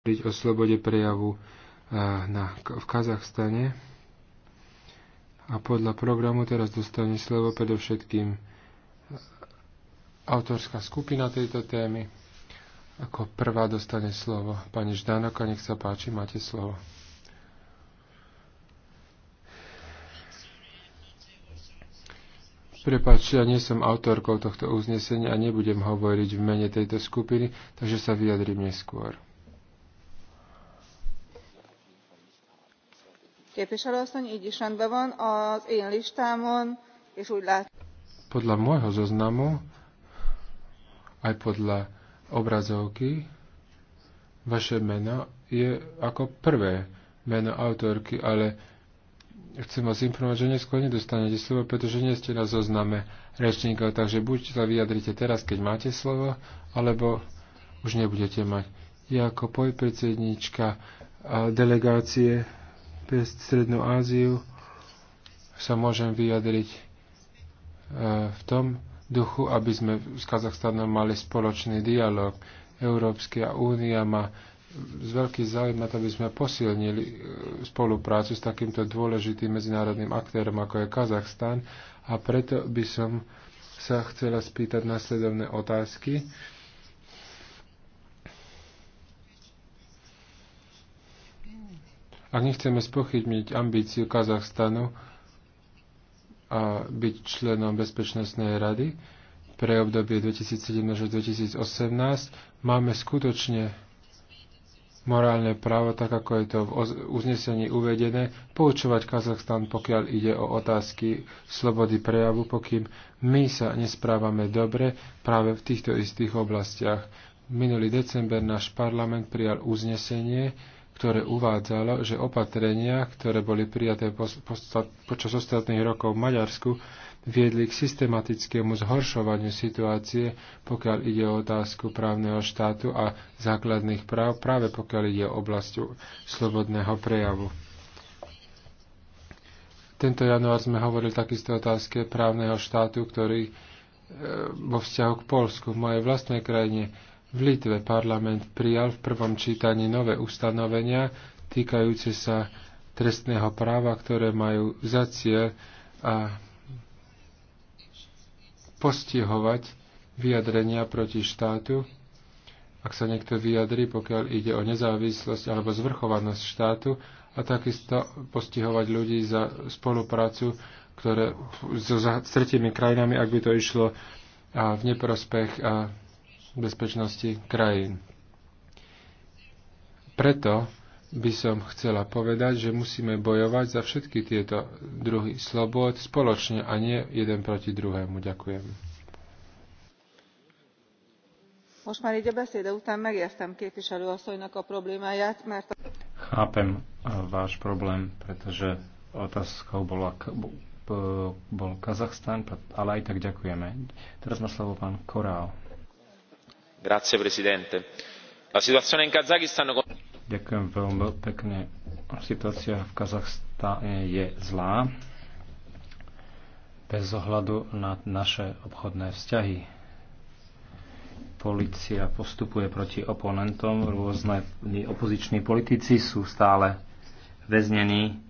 hovoriť o slobode prejavu eh, na, v Kazachstane. A podľa programu teraz dostane slovo predovšetkým eh, autorská skupina tejto témy. Ako prvá dostane slovo pani Ždanoka, nech sa páči, máte slovo. Prepač, ja nie som autorkou tohto uznesenia a nebudem hovoriť v mene tejto skupiny, takže sa vyjadrím neskôr. képviselő asszony is rendben van az én listámon és úgy látom podľa môjho zoznamu aj podľa obrazovky vaše meno je ako prvé meno autorky, ale chcem vás informovať, že neskôr nedostanete slovo, pretože nie ste na zozname rečníkov, takže buď sa vyjadrite teraz, keď máte slovo, alebo už nebudete mať. Ja ako podpredsednička delegácie cez Strednú Áziu sa môžem vyjadriť e, v tom duchu, aby sme s Kazachstanom mali spoločný dialog. Európska únia má z veľký záujem aby sme posilnili e, spoluprácu s takýmto dôležitým medzinárodným aktérom, ako je Kazachstan. A preto by som sa chcela spýtať nasledovné otázky. Uh, Ak nechceme spochybniť ambíciu Kazachstanu a byť členom Bezpečnostnej rady pre obdobie 2017 až 2018, máme skutočne morálne právo, tak ako je to v uznesení uvedené, poučovať Kazachstan, pokiaľ ide o otázky slobody prejavu, pokým my sa nesprávame dobre práve v týchto istých oblastiach. Minulý december náš parlament prijal uznesenie, ktoré uvádzalo, že opatrenia, ktoré boli prijaté počas ostatných rokov v Maďarsku, viedli k systematickému zhoršovaniu situácie, pokiaľ ide o otázku právneho štátu a základných práv, práve pokiaľ ide o oblasť slobodného prejavu. Tento január sme hovorili takisto o otázke právneho štátu, ktorý e, vo vzťahu k Polsku, v mojej vlastnej krajine, v Litve parlament prijal v prvom čítaní nové ustanovenia týkajúce sa trestného práva, ktoré majú za cieľ a postihovať vyjadrenia proti štátu, ak sa niekto vyjadri, pokiaľ ide o nezávislosť alebo zvrchovanosť štátu, a takisto postihovať ľudí za spoluprácu ktoré, so, s tretimi krajinami, ak by to išlo a v neprospech a bezpečnosti krajín. Preto by som chcela povedať, že musíme bojovať za všetky tieto druhy slobod spoločne a nie jeden proti druhému. Ďakujem. Chápem eh, váš problém, pretože otázkou bola, eh, bol Kazachstan, ale aj tak ďakujeme. Teraz má slovo pán Korál. Ďakujem veľmi pekne. Situácia v Kazachstane je zlá. Bez ohľadu na naše obchodné vzťahy. Polícia postupuje proti oponentom, rôzne opoziční politici sú stále väznení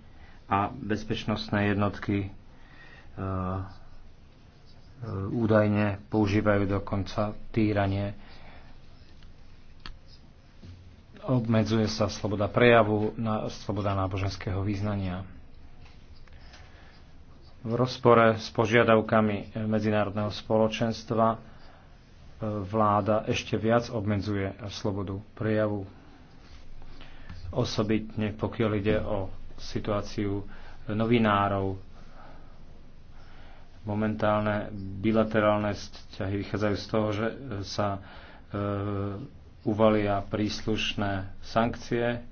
a bezpečnostné jednotky e, e, údajne používajú dokonca týranie obmedzuje sa sloboda prejavu na sloboda náboženského význania. V rozpore s požiadavkami medzinárodného spoločenstva e, vláda ešte viac obmedzuje slobodu prejavu. Osobitne pokiaľ ide o situáciu novinárov, momentálne bilaterálne vzťahy vychádzajú z toho, že e, sa e, uvalia príslušné sankcie.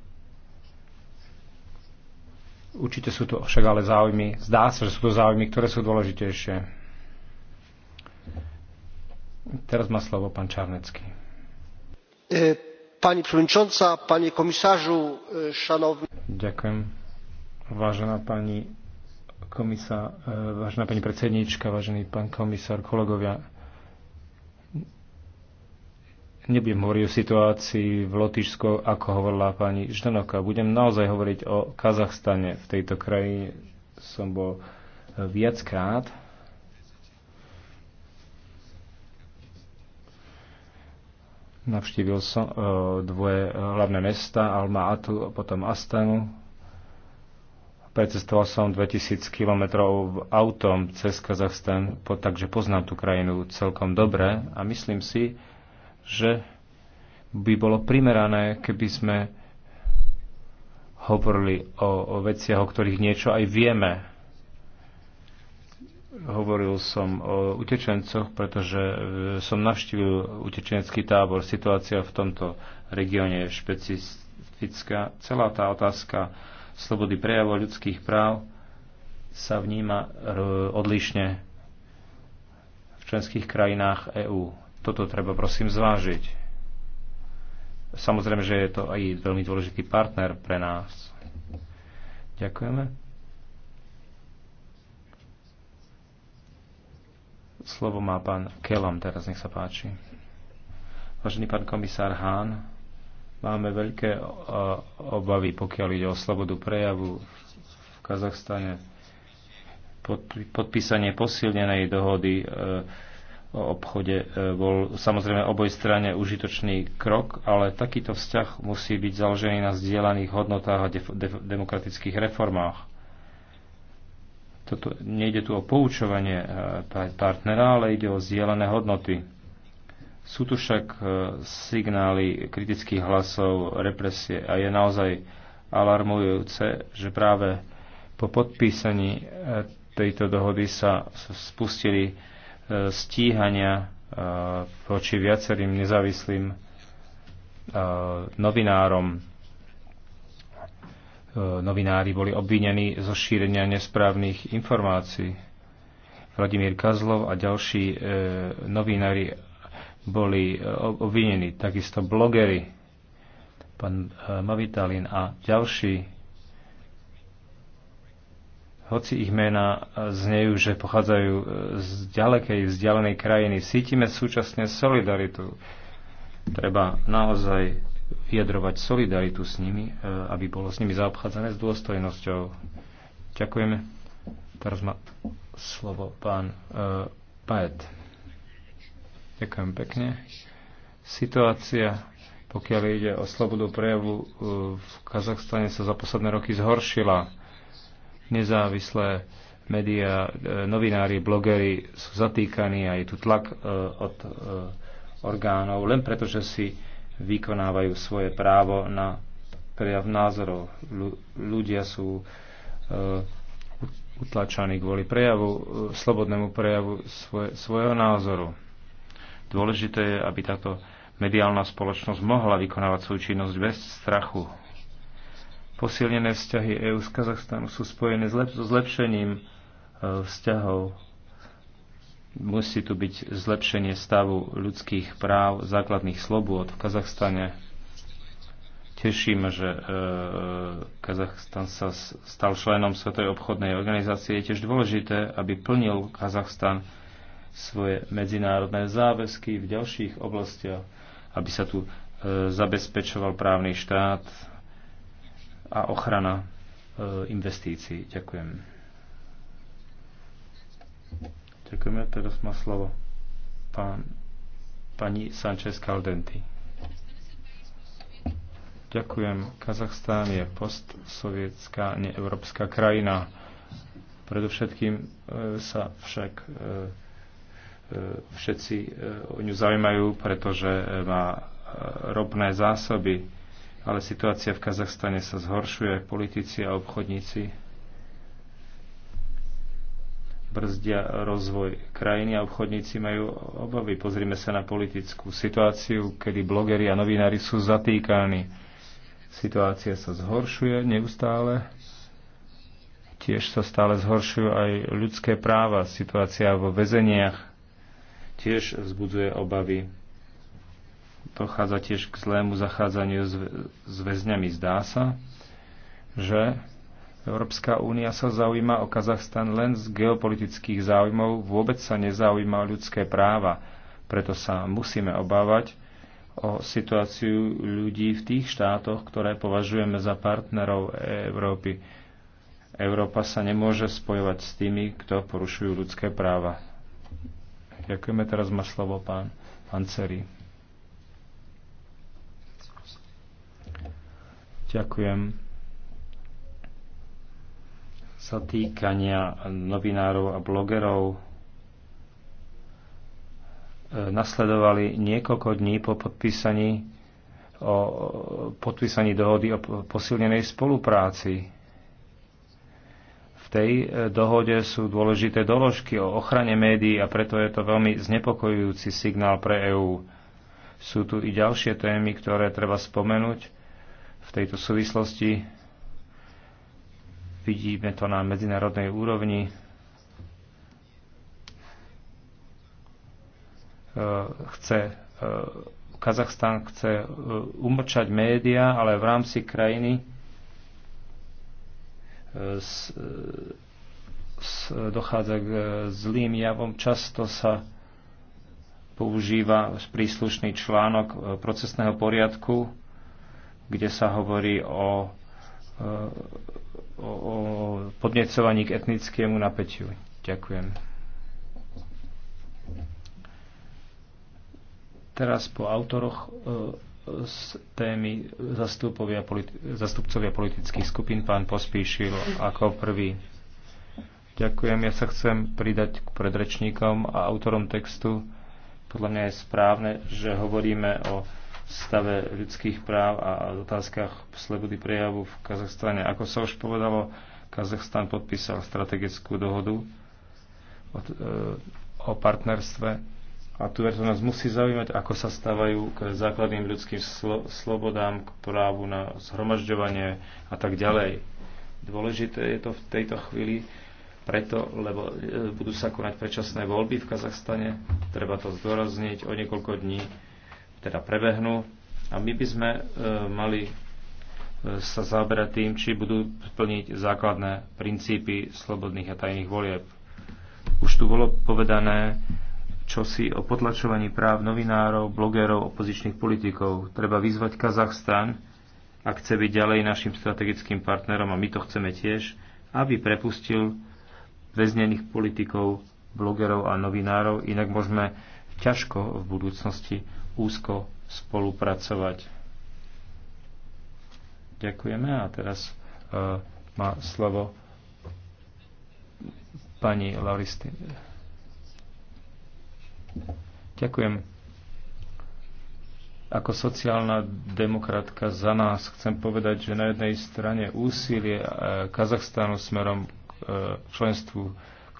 Určite sú to však ale záujmy, zdá sa, že sú to záujmy, ktoré sú dôležitejšie. Teraz má slovo pán Čarnecký. E, Pani pani komisážu, e, šanovní. Ďakujem. Vážená pani komisa, e, vážená pani predsednička, vážený pán komisár, kolegovia, Nebudem hovoriť o situácii v Lotyšsku, ako hovorila pani Ždanovka. Budem naozaj hovoriť o Kazachstane. V tejto krajine som bol eh, viackrát. Navštívil som eh, dvoje eh, hlavné mesta, Alma Atu a potom Astanu. Precestoval som 2000 kilometrov autom cez Kazachstan, takže poznám tú krajinu celkom dobre a myslím si, že by bolo primerané, keby sme hovorili o, o veciach, o ktorých niečo aj vieme. Hovoril som o utečencoch, pretože e, som navštívil utečenecký tábor. Situácia v tomto regióne je špecifická. Celá tá otázka slobody prejavu ľudských práv sa vníma e, odlišne v členských krajinách EÚ toto treba prosím zvážiť. Samozrejme, že je to aj veľmi dôležitý partner pre nás. Ďakujeme. Slovo má pán Kelam teraz, nech sa páči. Vážený pán komisár Hán, máme veľké e, obavy, pokiaľ ide o slobodu prejavu v Kazachstane. Podpísanie posilnenej dohody e, o obchode e, bol samozrejme oboj strane užitočný krok, ale takýto vzťah musí byť založený na zdieľaných hodnotách a de- de- demokratických reformách. Toto, nejde tu o poučovanie e, partnera, ale ide o zdieľané hodnoty. Sú tu však e, signály kritických hlasov, represie a je naozaj alarmujúce, že práve po podpísaní tejto dohody sa spustili stíhania eh, voči viacerým nezávislým eh, novinárom. Eh, novinári boli obvinení zo šírenia nesprávnych informácií. Vladimír Kazlov a ďalší novinári boli obvinení, takisto blogery, pán Mavitalin a ďalší hoci ich mená znejú, že pochádzajú e, z ďalekej, vzdialenej krajiny, cítime súčasne solidaritu. Treba naozaj vyjadrovať solidaritu s nimi, e, aby bolo s nimi zaobchádzané s dôstojnosťou. Ďakujeme. Teraz má slovo pán uh, Paet. Ďakujem pekne. Situácia, pokiaľ ide o slobodu prejavu, v Kazachstane sa za posledné roky zhoršila Nezávislé médiá, e, novinári, blogery sú zatýkaní a je tu tlak e, od e, orgánov, len preto, že si vykonávajú svoje právo na prejav názorov. Ľudia sú utlačaní kvôli prejavu, slobodnému prejavu svoje, svojho názoru. Dôležité je, aby táto mediálna spoločnosť mohla vykonávať svoju činnosť bez strachu, Posilnené vzťahy EÚ s Kazachstanom sú spojené s so zlepšením e, vzťahov. Musí tu byť zlepšenie stavu ľudských práv, základných slobôd v Kazachstane. Teším, že e, Kazachstan sa stal členom Svetovej obchodnej organizácie. Je tiež dôležité, aby plnil Kazachstan svoje medzinárodné záväzky v ďalších oblastiach, aby sa tu e, zabezpečoval právny štát, a ochrana e, investícií. Ďakujem. Ďakujeme. Teraz má slovo pán, pani Sanchez Caldenti. Ďakujem. Kazachstán je postsovietská, neeurópska krajina. Predovšetkým e, sa však e, všetci o ňu zaujímajú, pretože má ropné zásoby ale situácia v Kazachstane sa zhoršuje. Politici a obchodníci brzdia rozvoj krajiny a obchodníci majú obavy. Pozrime sa na politickú situáciu, kedy blogeri a novinári sú zatýkaní. Situácia sa zhoršuje neustále. Tiež sa stále zhoršujú aj ľudské práva. Situácia vo väzeniach tiež vzbudzuje obavy dochádza tiež k zlému zachádzaniu s, väzňami. Zdá sa, že Európska únia sa zaujíma o Kazachstan len z geopolitických záujmov, vôbec sa nezaujíma o ľudské práva. Preto sa musíme obávať o situáciu ľudí v tých štátoch, ktoré považujeme za partnerov Európy. Európa sa nemôže spojovať s tými, kto porušujú ľudské práva. Ďakujeme, teraz má slovo pán, pán Ďakujem. Sa týkania novinárov a blogerov e, nasledovali niekoľko dní po podpísaní, o podpísaní dohody o posilnenej spolupráci. V tej e, dohode sú dôležité doložky o ochrane médií a preto je to veľmi znepokojujúci signál pre EÚ. Sú tu i ďalšie témy, ktoré treba spomenúť v tejto súvislosti. Vidíme to na medzinárodnej úrovni. E, chce, e, Kazachstán chce e, umlčať médiá, ale v rámci krajiny s, s, dochádza k zlým javom. Často sa používa príslušný článok procesného poriadku, kde sa hovorí o, e, o, o podnecovaní k etnickému napätiu. Ďakujem. Teraz po autoroch e, z témy zastupovia, politi- zastupcovia politických skupín pán Pospíšil ako prvý. Ďakujem, ja sa chcem pridať k predrečníkom a autorom textu. Podľa mňa je správne, že hovoríme o stave ľudských práv a otázkach slobody prejavu v Kazachstane. Ako sa už povedalo, Kazachstan podpísal strategickú dohodu o, e, o partnerstve a tu to nás musí zaujímať, ako sa stávajú k základným ľudským slo, slobodám, k právu na zhromažďovanie a tak ďalej. Dôležité je to v tejto chvíli, preto, lebo e, budú sa konať predčasné voľby v Kazachstane, treba to zdôrazniť o niekoľko dní teda prebehnú a my by sme e, mali e, sa zaoberať tým, či budú splniť základné princípy slobodných a tajných volieb. Už tu bolo povedané, čo si o potlačovaní práv novinárov, blogerov, opozičných politikov. Treba vyzvať Kazachstan, ak chce byť ďalej našim strategickým partnerom, a my to chceme tiež, aby prepustil väznených politikov, blogerov a novinárov, inak môžeme ťažko v budúcnosti úzko spolupracovať. Ďakujeme a teraz uh, má slovo pani Lauristy. Ďakujem. Ako sociálna demokratka za nás chcem povedať, že na jednej strane úsilie e, Kazachstánu smerom k e, členstvu,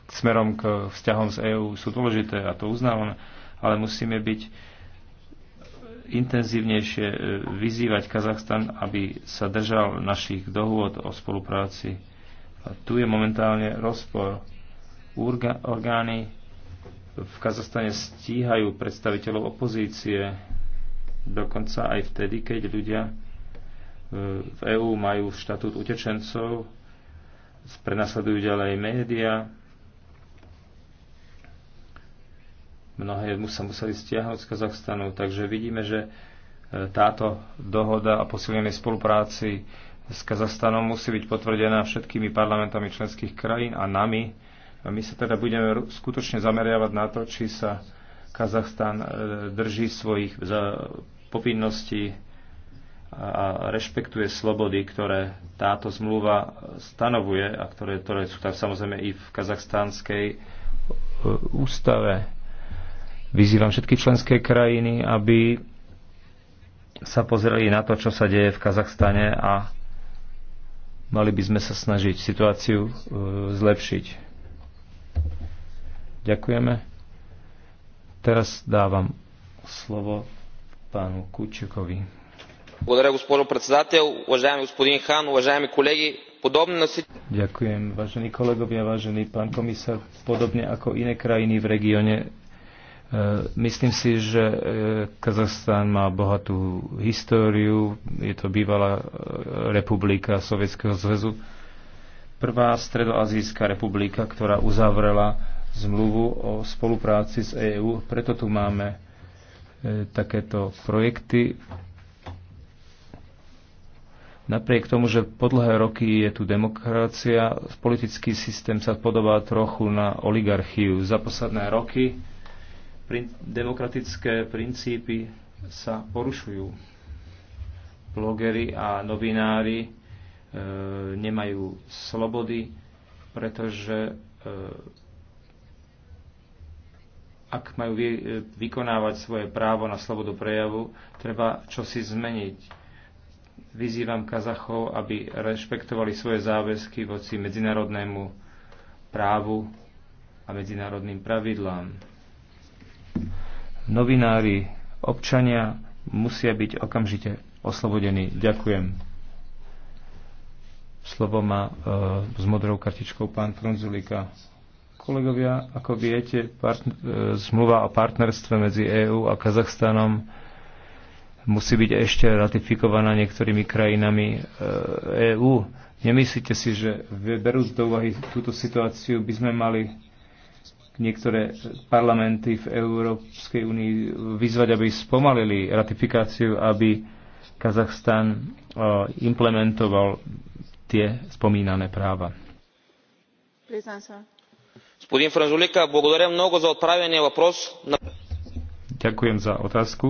smerom k vzťahom z EÚ sú dôležité a to uznávame, ale musíme byť intenzívnejšie e, vyzývať Kazachstan, aby sa držal našich dohôd o spolupráci. A tu je momentálne rozpor. Urga, orgány v Kazachstane stíhajú predstaviteľov opozície, dokonca aj vtedy, keď ľudia e, v EÚ majú štatút utečencov, prenasledujú ďalej média, Mnohé sa museli stiahnuť z Kazachstanu, takže vidíme, že e, táto dohoda o posilnenej spolupráci s Kazachstanom musí byť potvrdená všetkými parlamentami členských krajín a nami. A my sa teda budeme skutočne zameriavať na to, či sa Kazachstan e, drží svojich e, povinností a rešpektuje slobody, ktoré táto zmluva stanovuje a ktoré, ktoré sú tam samozrejme i v kazachstánskej ústave. Vyzývam všetky členské krajiny, aby sa pozreli na to, čo sa deje v Kazachstane a mali by sme sa snažiť situáciu e, zlepšiť. Ďakujeme. Teraz dávam slovo pánu Kučukovi. Благодаря, госпожо председател. Уважаеми господин Хан, уважаеми колеги, Ďakujem, vážení kolegovia, vážený pán komisár. Podobne ako iné krajiny v regióne E, myslím si, že e, Kazachstan má bohatú históriu, je to bývalá e, republika Sovietskeho zväzu, prvá stredoazijská republika, ktorá uzavrela zmluvu o spolupráci s EÚ, preto tu máme takéto projekty. Napriek tomu, že po dlhé roky je tu demokracia, politický systém sa podobá trochu na oligarchiu. Za posledné roky prin- demokratické princípy sa porušujú. Blogery a novinári e, nemajú slobody, pretože e, ak majú vy, e, vykonávať svoje právo na slobodu prejavu, treba čosi zmeniť. Vyzývam Kazachov, aby rešpektovali svoje záväzky voci medzinárodnému právu a medzinárodným pravidlám novinári, občania musia byť okamžite oslobodení. Ďakujem. Slovo má e, s modrou kartičkou pán Frunzulika. Kolegovia, ako viete, partner, e, zmluva o partnerstve medzi EÚ a Kazachstanom musí byť ešte ratifikovaná niektorými krajinami EÚ. E Nemyslíte si, že berúc do úvahy túto situáciu by sme mali niektoré parlamenty v Európskej únii vyzvať, aby spomalili ratifikáciu, aby Kazachstan implementoval tie spomínané práva. Ďakujem za otázku.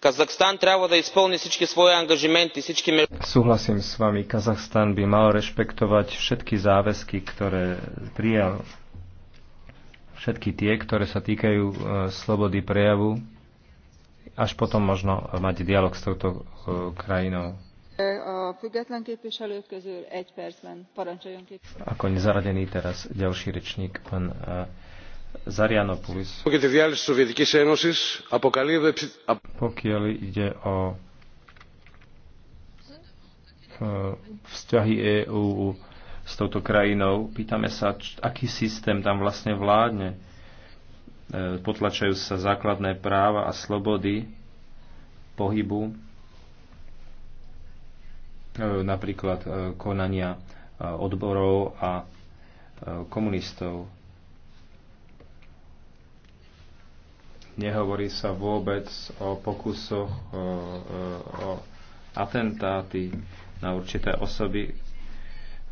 Казахстан трябва да изпълни всички свои ангажименти, всички... Súhlasím s vami, Kazachstan by mal rešpektovať všetky záväzky, ktoré prijal všetky tie, ktoré sa týkajú e, slobody prejavu, až potom možno mať dialog s touto e, krajinou. E, Ako nezaradený teraz ďalší rečník, pán Zarianopoulos. Pokiaľ ide o vzťahy EÚ s touto krajinou. Pýtame sa, aký systém tam vlastne vládne. E, potlačajú sa základné práva a slobody pohybu, e, napríklad e, konania odborov a komunistov. Nehovorí sa vôbec o pokusoch o, o, o atentáty na určité osoby,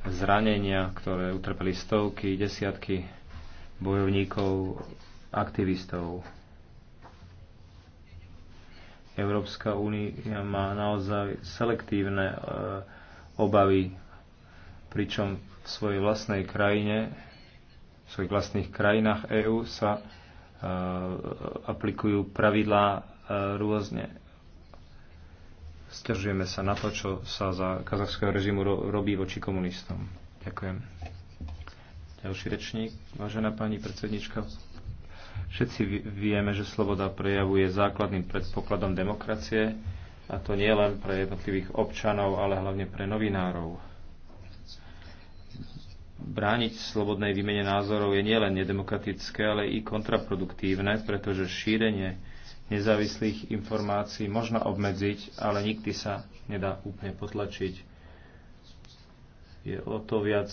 zranenia, ktoré utrpeli stovky, desiatky bojovníkov, aktivistov. Európska únia má naozaj selektívne e, obavy, pričom v svojej vlastnej krajine, v svojich vlastných krajinách EÚ sa e, aplikujú pravidlá e, rôzne Stržujeme sa na to, čo sa za kazachského režimu ro- robí voči komunistom. Ďakujem. Ďalší rečník, vážená pani predsednička. Všetci vieme, že sloboda prejavu je základným predpokladom demokracie a to nie len pre jednotlivých občanov, ale hlavne pre novinárov. Brániť slobodnej výmene názorov je nielen nedemokratické, ale i kontraproduktívne, pretože šírenie nezávislých informácií možno obmedziť, ale nikdy sa nedá úplne potlačiť. Je o to viac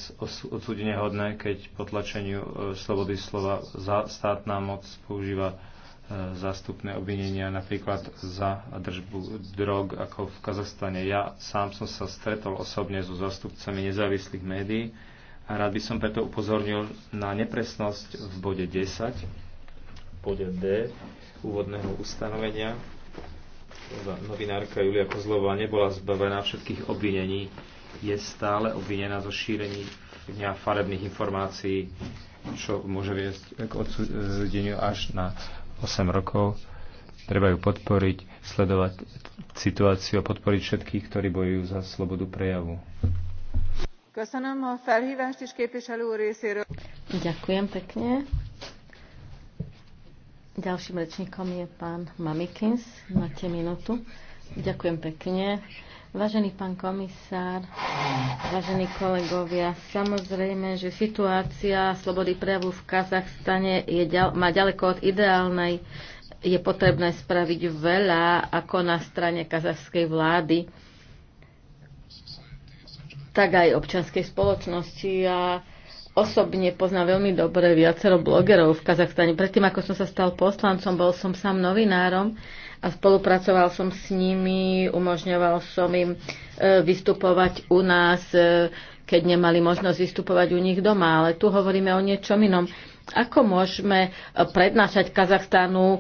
odsudenie hodné, keď potlačeniu e, slobody slova státna moc používa e, zástupné obvinenia napríklad za držbu drog ako v Kazachstane. Ja sám som sa stretol osobne so zástupcami nezávislých médií a rád by som preto upozornil na nepresnosť v bode 10, bode D, úvodného ustanovenia. Novinárka Julia Kozlová nebola zbavená všetkých obvinení. Je stále obvinená zo šírení dňa farebných informácií, čo môže viesť k odsúdeniu až na 8 rokov. Treba ju podporiť, sledovať situáciu a podporiť všetkých, ktorí bojujú za slobodu prejavu. Ďakujem pekne. Ďalším rečníkom je pán Mamikins. Máte minútu. Ďakujem pekne. Vážený pán komisár, vážení kolegovia, samozrejme, že situácia slobody prejavu v Kazachstane je ďal, má ďaleko od ideálnej. Je potrebné spraviť veľa, ako na strane kazachskej vlády, tak aj občianskej spoločnosti a osobne poznám veľmi dobre viacero blogerov v Kazachstane. Predtým, ako som sa stal poslancom, bol som sám novinárom a spolupracoval som s nimi, umožňoval som im e, vystupovať u nás, e, keď nemali možnosť vystupovať u nich doma. Ale tu hovoríme o niečom inom. Ako môžeme e, prednášať Kazachstanu,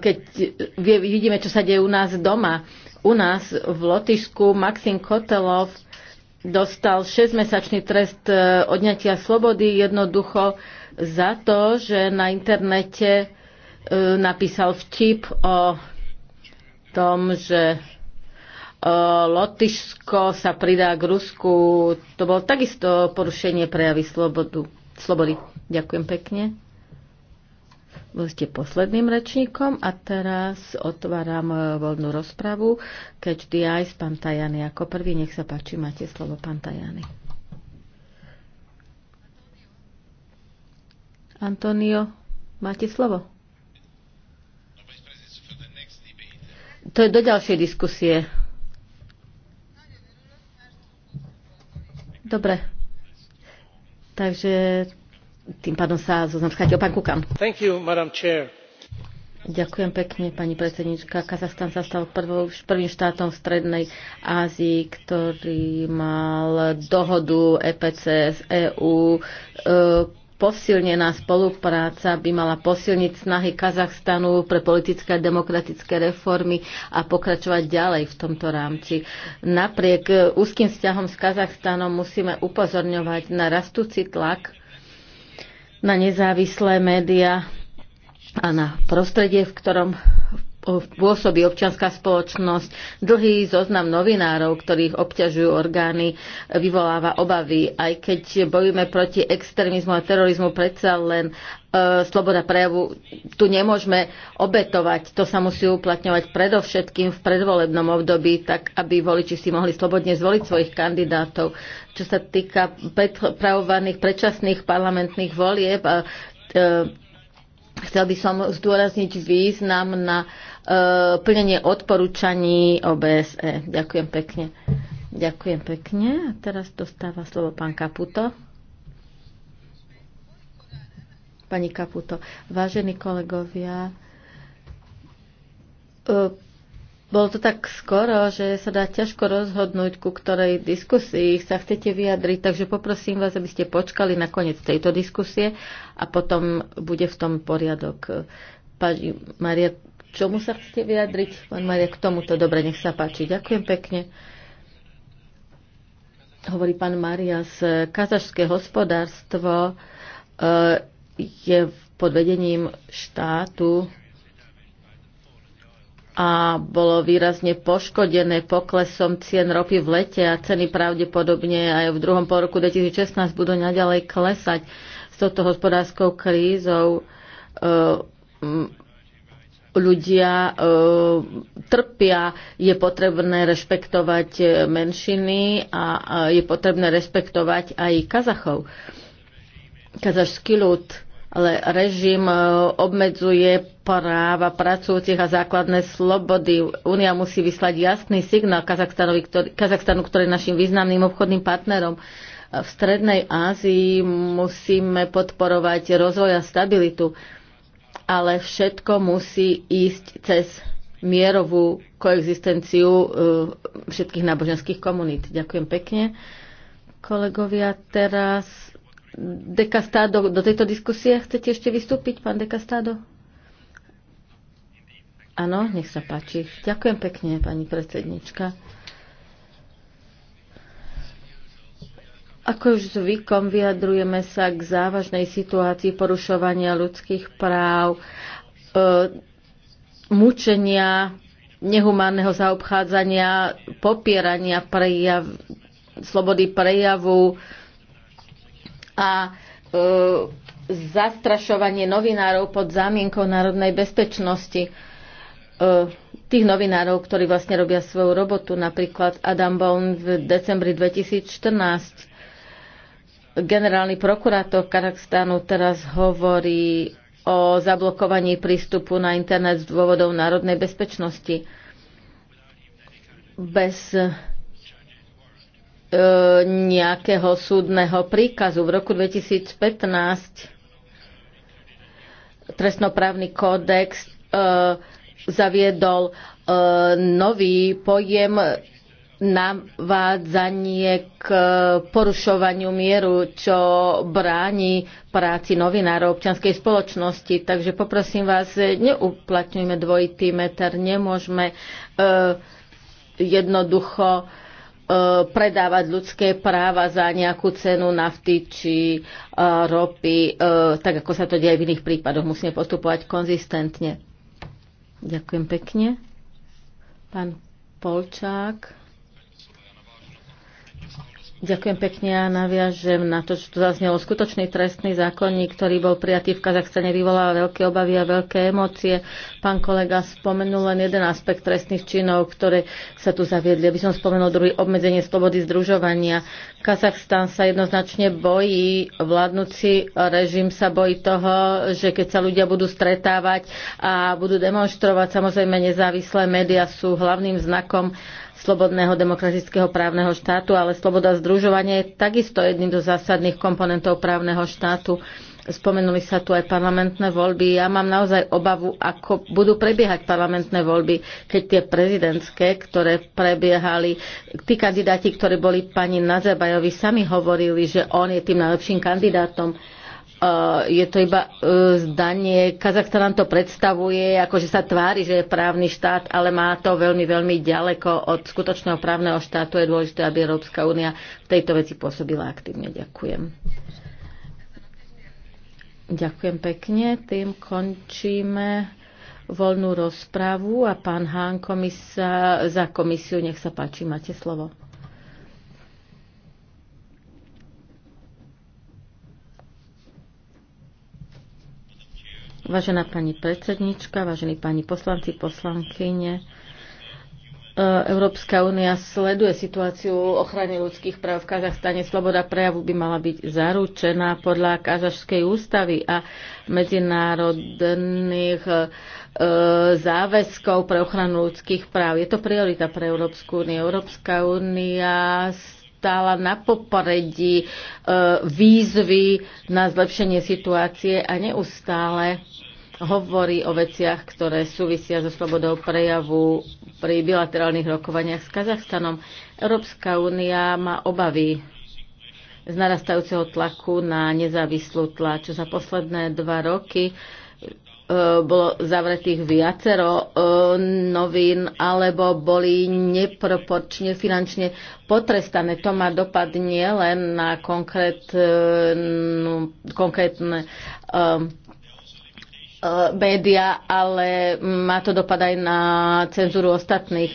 keď vidíme, čo sa deje u nás doma? U nás v Lotyšsku Maxim Kotelov dostal 6-mesačný trest e, odňatia slobody jednoducho za to, že na internete e, napísal vtip o tom, že e, Lotyšsko sa pridá k Rusku. To bolo takisto porušenie prejavy slobodu. slobody. Ďakujem pekne. Boli ste posledným rečníkom a teraz otváram e, voľnú rozpravu. Keď aj s pán Tajany ako prvý, nech sa páči, máte slovo pán Tajany. Antonio, máte slovo? To je do ďalšej diskusie. Dobre. Takže tým pádom sa zoznam skátil. Pán Kukan. Thank you, Madam Chair. Ďakujem pekne, pani predsednička. Kazachstan sa stal prvou, prvým štátom v Strednej Ázii, ktorý mal dohodu EPC z EÚ. E, posilnená spolupráca by mala posilniť snahy Kazachstanu pre politické a demokratické reformy a pokračovať ďalej v tomto rámci. Napriek úzkým vzťahom s Kazachstanom musíme upozorňovať na rastúci tlak na nezávislé médiá a na prostredie, v ktorom pôsobí občianská spoločnosť. Dlhý zoznam novinárov, ktorých obťažujú orgány, vyvoláva obavy. Aj keď bojujeme proti extrémizmu a terorizmu, predsa len E, sloboda prejavu tu nemôžeme obetovať. To sa musí uplatňovať predovšetkým v predvolebnom období, tak aby voliči si mohli slobodne zvoliť svojich kandidátov. Čo sa týka predpravovaných predčasných parlamentných volieb, e, chcel by som zdôrazniť význam na e, plnenie odporúčaní OBSE. Ďakujem pekne. Ďakujem pekne. A teraz dostáva slovo pán Kaputo. Pani Kaputo, vážení kolegovia, e, bolo to tak skoro, že sa dá ťažko rozhodnúť, ku ktorej diskusii sa chcete vyjadriť, takže poprosím vás, aby ste počkali na koniec tejto diskusie a potom bude v tom poriadok. Pani Maria, čomu sa chcete vyjadriť? Pán Maria, k tomuto. Dobre, nech sa páči. Ďakujem pekne. Hovorí pán Maria z kazašské hospodárstvo e, je pod vedením štátu a bolo výrazne poškodené poklesom cien ropy v lete a ceny pravdepodobne aj v druhom pol roku 2016 budú naďalej klesať s touto hospodárskou krízou. E, ľudia e, trpia, je potrebné rešpektovať menšiny a je potrebné rešpektovať aj Kazachov kazašský ľud, ale režim e, obmedzuje práva pracujúcich a základné slobody. Únia musí vyslať jasný signál ktorý, Kazachstanu, ktorý je našim významným obchodným partnerom. E, v Strednej Ázii musíme podporovať rozvoj a stabilitu, ale všetko musí ísť cez mierovú koexistenciu e, všetkých náboženských komunít. Ďakujem pekne kolegovia, teraz Dekastádo, do tejto diskusie chcete ešte vystúpiť, pán Dekastádo? Áno, nech sa páči. Ďakujem pekne, pani predsednička. Ako už zvykom vyjadrujeme sa k závažnej situácii porušovania ľudských práv, e, mučenia, nehumánneho zaobchádzania, popierania prejav, slobody prejavu, e, a e, zastrašovanie novinárov pod zámienkou národnej bezpečnosti. E, tých novinárov, ktorí vlastne robia svoju robotu, napríklad Adam Bone v decembri 2014. Generálny prokurátor Kazachstanu teraz hovorí o zablokovaní prístupu na internet z dôvodov národnej bezpečnosti. Bez E, nejakého súdneho príkazu. V roku 2015 trestnoprávny kódex e, zaviedol e, nový pojem navádzanie k porušovaniu mieru, čo bráni práci novinárov občianskej spoločnosti. Takže poprosím vás, neuplatňujme dvojitý meter, nemôžeme jednoducho E, predávať ľudské práva za nejakú cenu nafty či e, ropy, e, tak ako sa to deje v iných prípadoch. Musíme postupovať konzistentne. Ďakujem pekne. Pán Polčák. Ďakujem pekne a naviažem na to, čo tu zaznelo. Skutočný trestný zákonník, ktorý bol prijatý v Kazachstane, vyvolal veľké obavy a veľké emócie. Pán kolega spomenul len jeden aspekt trestných činov, ktoré sa tu zaviedli. Aby som spomenul druhý obmedzenie slobody združovania. Kazachstan sa jednoznačne bojí, vládnuci režim sa bojí toho, že keď sa ľudia budú stretávať a budú demonstrovať, samozrejme nezávislé médiá sú hlavným znakom slobodného demokratického právneho štátu, ale sloboda združovania je takisto jedným zo zásadných komponentov právneho štátu. Spomenuli sa tu aj parlamentné voľby. Ja mám naozaj obavu, ako budú prebiehať parlamentné voľby, keď tie prezidentské, ktoré prebiehali, tí kandidáti, ktorí boli pani Nazebajovi, sami hovorili, že on je tým najlepším kandidátom Eh, je to iba eh, zdanie. Kazachstan to predstavuje, ako že sa tvári, že je právny štát, ale má to veľmi, veľmi ďaleko od skutočného právneho štátu. Je dôležité, aby Európska únia v tejto veci pôsobila aktívne. Ďakujem. Ďakujem pekne. Tým končíme voľnú rozpravu a pán Hán komisa, za komisiu, nech sa páči, máte slovo. Vážená pani predsednička, vážení pani poslanci, poslankyne, e, Európska únia sleduje situáciu ochrany ľudských práv v Kazachstane. Sloboda prejavu by mala byť zaručená podľa kazašskej ústavy a medzinárodných e, záväzkov pre ochranu ľudských práv. Je to priorita pre Európsku úniu. Európska únia stála na popredí e, výzvy na zlepšenie situácie a neustále hovorí o veciach, ktoré súvisia so slobodou prejavu pri bilaterálnych rokovaniach s Kazachstanom. Európska únia má obavy z narastajúceho tlaku na nezávislú tlač. Za posledné dva roky E, bolo zavretých viacero e, novín alebo boli neproporčne finančne potrestané. To má dopad nie len na konkrétnu, konkrétne e, média, ale má to dopad aj na cenzúru ostatných.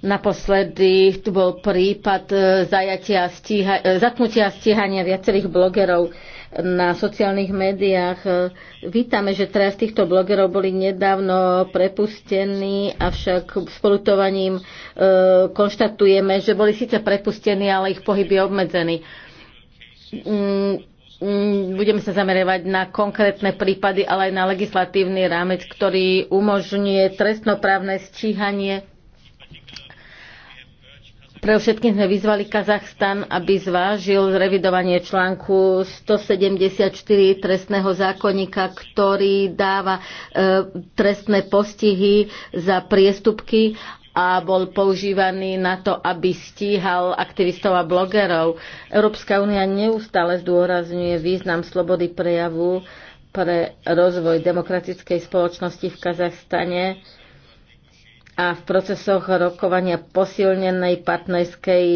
Naposledy tu bol prípad zajatia stíha- stíhania viacerých blogerov na sociálnych médiách. Vítame, že teraz týchto blogerov boli nedávno prepustení, avšak s polutovaním e, konštatujeme, že boli síce prepustení, ale ich pohyb je obmedzený mm, budeme sa zamerevať na konkrétne prípady, ale aj na legislatívny rámec, ktorý umožňuje trestnoprávne stíhanie pre sme vyzvali Kazachstan, aby zvážil revidovanie článku 174 trestného zákonníka, ktorý dáva e, trestné postihy za priestupky a bol používaný na to, aby stíhal aktivistov a blogerov. Európska únia neustále zdôrazňuje význam slobody prejavu pre rozvoj demokratickej spoločnosti v Kazachstane a v procesoch rokovania posilnenej partnerskej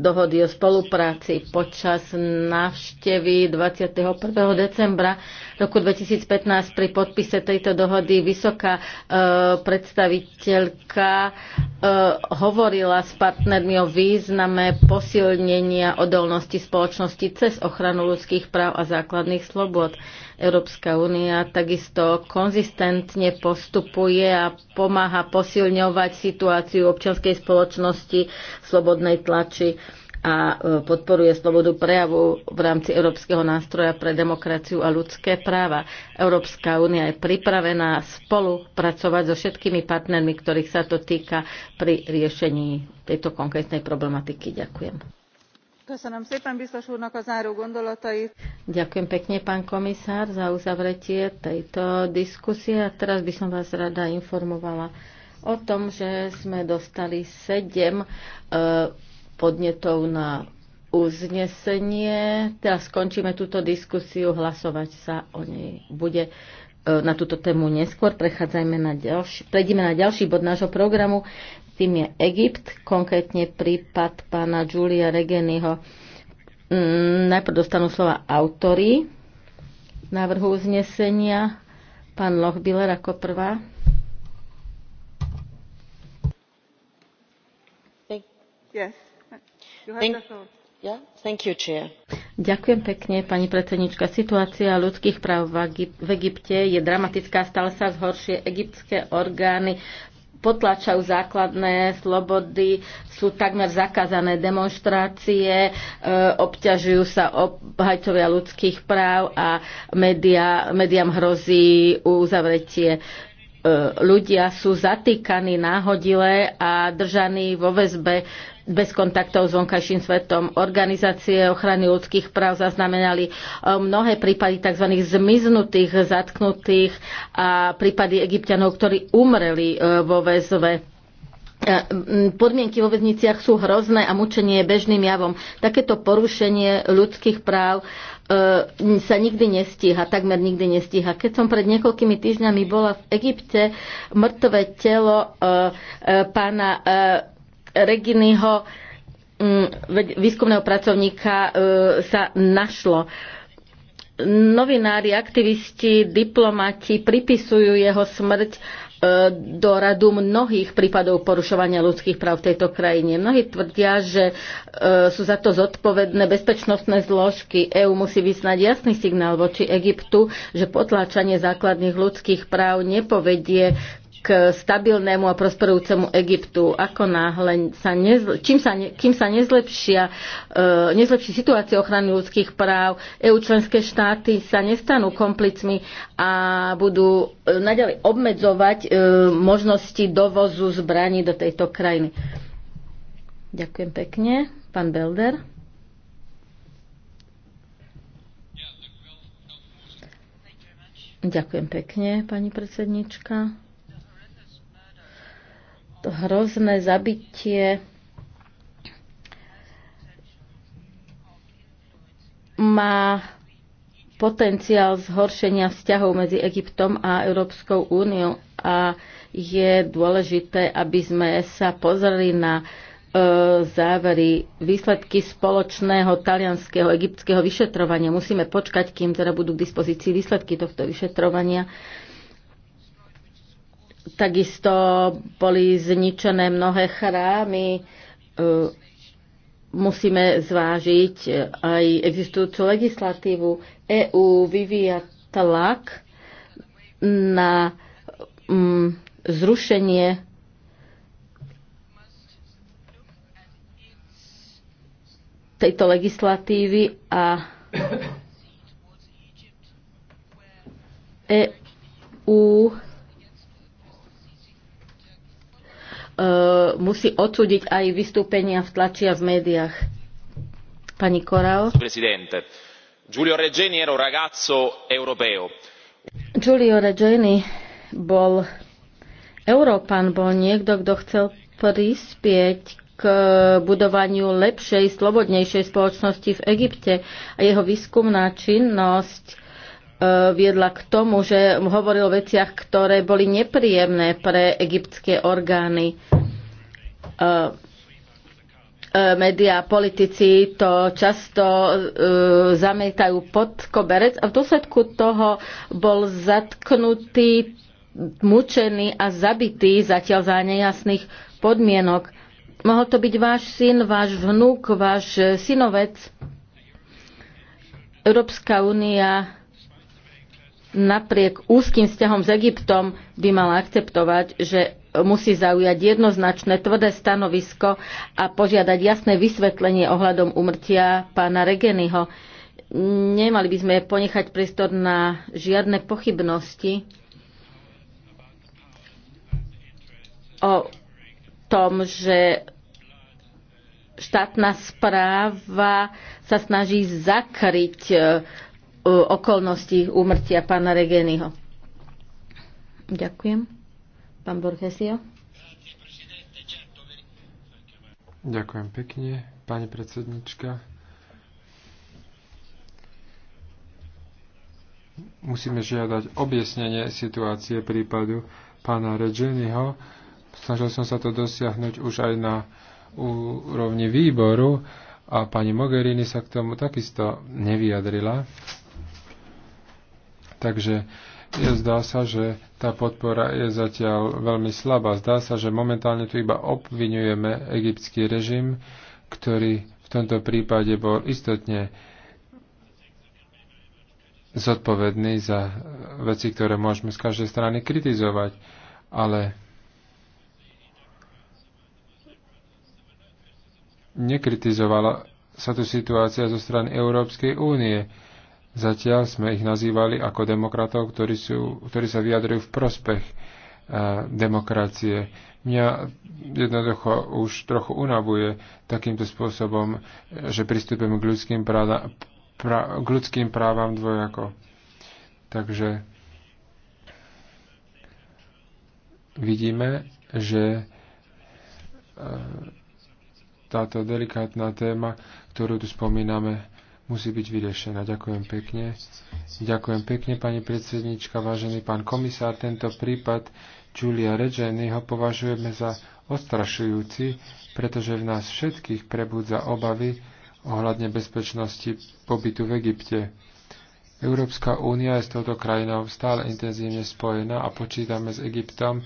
dohody o spolupráci počas návštevy 21. decembra roku 2015 pri podpise tejto dohody vysoká e, predstaviteľka e, hovorila s partnermi o význame posilnenia odolnosti spoločnosti cez ochranu ľudských práv a základných slobod. Európska únia takisto konzistentne postupuje a pomáha posilňovať situáciu občianskej spoločnosti, slobodnej tlači a e, podporuje slobodu prejavu v rámci Európskeho nástroja pre demokraciu a ľudské práva. Európska únia je pripravená spolupracovať so všetkými partnermi, ktorých sa to týka pri riešení tejto konkrétnej problematiky. Ďakujem. Ďakujem pekne, pán komisár, za uzavretie tejto diskusie. A teraz by som vás rada informovala o tom, že sme dostali sedem e, podnetov na uznesenie. Teraz skončíme túto diskusiu, hlasovať sa o nej bude e, na túto tému neskôr. Prechádzajme na ďalší, prejdeme na ďalší bod nášho programu tým je Egypt, konkrétne prípad pána Julia Regeniho. Mm, najprv dostanú slova autory návrhu uznesenia. Pán Lochbiller ako prvá. Ďakujem pekne, pani predsednička. Situácia ľudských práv v Egypte je dramatická. Stále sa zhoršie. Egyptské orgány potlačajú základné slobody, sú takmer zakázané demonstrácie, e, obťažujú sa obhajcovia ľudských práv a médiám hrozí uzavretie. E, ľudia sú zatýkaní náhodile a držaní vo väzbe bez kontaktov s vonkajším svetom. Organizácie ochrany ľudských práv zaznamenali e, mnohé prípady tzv. zmiznutých, zatknutých a prípady egyptianov, ktorí umreli e, vo väzve. Podmienky vo väzniciach sú hrozné a mučenie je bežným javom. Takéto porušenie ľudských práv E, sa nikdy nestíha, takmer nikdy nestíha. Keď som pred niekoľkými týždňami bola v Egypte, mŕtve telo e, e, pána Reginyho, mm, výskumného pracovníka, sa našlo. Novinári, aktivisti, diplomati pripisujú jeho smrť do radu mnohých prípadov porušovania ľudských práv v tejto krajine. Mnohí tvrdia, že e, sú za to zodpovedné bezpečnostné zložky. EÚ musí vysnať jasný signál voči Egyptu, že potláčanie základných ľudských práv nepovedie k stabilnému a prosperujúcemu Egyptu. Ako náhle sa nezle, čím sa ne, kým sa nezlepšia, e, nezlepší situácia ochrany ľudských práv, EU členské štáty sa nestanú komplicmi a budú e, naďalej obmedzovať e, možnosti dovozu zbraní do tejto krajiny. Ďakujem pekne. Pán Belder. Ďakujem pekne, pani predsednička hrozné zabitie má potenciál zhoršenia vzťahov medzi Egyptom a Európskou úniou a je dôležité, aby sme sa pozreli na e, závery, výsledky spoločného talianského, egyptského vyšetrovania. Musíme počkať, kým teda budú k dispozícii výsledky tohto vyšetrovania. Takisto boli zničené mnohé chrámy. E, musíme zvážiť aj existujúcu legislatívu. EÚ vyvíja tlak na mm, zrušenie tejto legislatívy a EU E, musí odsúdiť aj vystúpenia v tlači a v médiách. Pani Korál. Presidente. Giulio Regeni era un ragazzo europeo. Giulio Regeni bol Európan, bol niekto, kto chcel prispieť k budovaniu lepšej, slobodnejšej spoločnosti v Egypte a jeho výskumná činnosť E, viedla k tomu, že hovoril o veciach, ktoré boli nepríjemné pre egyptské orgány. E, e, media a politici to často zamietajú pod koberec a v dôsledku toho bol zatknutý, mučený a zabitý zatiaľ za nejasných podmienok. Mohol to byť váš syn, váš vnúk, váš synovec. Európska únia napriek úzkým vzťahom s Egyptom by mala akceptovať, že musí zaujať jednoznačné tvrdé stanovisko a požiadať jasné vysvetlenie ohľadom umrtia pána Regenyho. Nemali by sme ponechať priestor na žiadne pochybnosti o tom, že štátna správa sa snaží zakryť eh, okolností úmrtia pána Regeniho. Ďakujem. Pán Borgesio. Ďakujem pekne, pani predsednička. Musíme žiadať objasnenie situácie prípadu pána Regeniho. Snažil som sa to dosiahnuť už aj na úrovni výboru a pani Mogherini sa k tomu takisto nevyjadrila. Takže je, zdá sa, že tá podpora je zatiaľ veľmi slabá. Zdá sa, že momentálne tu iba obvinujeme egyptský režim, ktorý v tomto prípade bol istotne zodpovedný za veci, ktoré môžeme z každej strany kritizovať. Ale nekritizovala sa tu situácia zo strany Európskej únie Zatiaľ sme ich nazývali ako demokratov, ktorí, sú, ktorí sa vyjadrujú v prospech e, demokracie. Mňa jednoducho už trochu unavuje takýmto spôsobom, e, že pristupujem k ľudským, práva, pra, k ľudským právam dvojako. Takže vidíme, že e, táto delikátna téma, ktorú tu spomíname, musí byť vyriešená. Ďakujem pekne. Ďakujem pekne, pani predsednička, vážený pán komisár. Tento prípad Julia Regeny ho považujeme za ostrašujúci, pretože v nás všetkých prebudza obavy ohľadne bezpečnosti pobytu v Egypte. Európska únia je s touto krajinou stále intenzívne spojená a počítame s Egyptom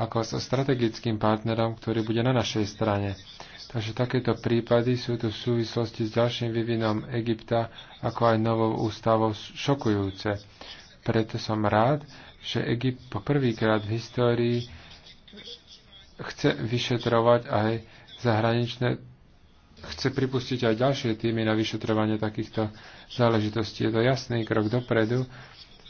ako so strategickým partnerom, ktorý bude na našej strane. Takže takéto prípady sú tu v súvislosti s ďalším vyvinom Egypta, ako aj novou ústavou šokujúce. Preto som rád, že Egypt po prvýkrát v histórii chce vyšetrovať aj zahraničné chce pripustiť aj ďalšie týmy na vyšetrovanie takýchto záležitostí. Je to jasný krok dopredu,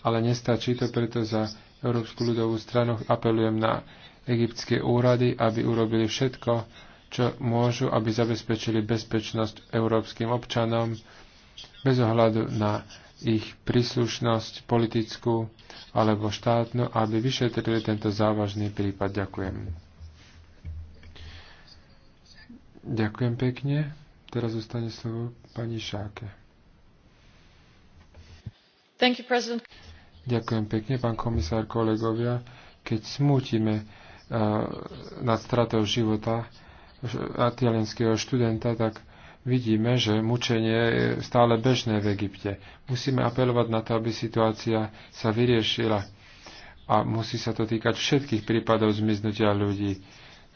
ale nestačí to, preto za Európsku ľudovú stranu apelujem na egyptské úrady, aby urobili všetko, čo môžu, aby zabezpečili bezpečnosť európskym občanom bez ohľadu na ich príslušnosť politickú alebo štátnu, aby vyšetrili tento závažný prípad. Ďakujem. Ďakujem pekne. Teraz zostane slovo pani Šáke. Thank you, President. Ďakujem pekne, pán komisár, kolegovia. Keď smútime uh, nad stratou života atialenského študenta, tak vidíme, že mučenie je stále bežné v Egypte. Musíme apelovať na to, aby situácia sa vyriešila a musí sa to týkať všetkých prípadov zmiznutia ľudí.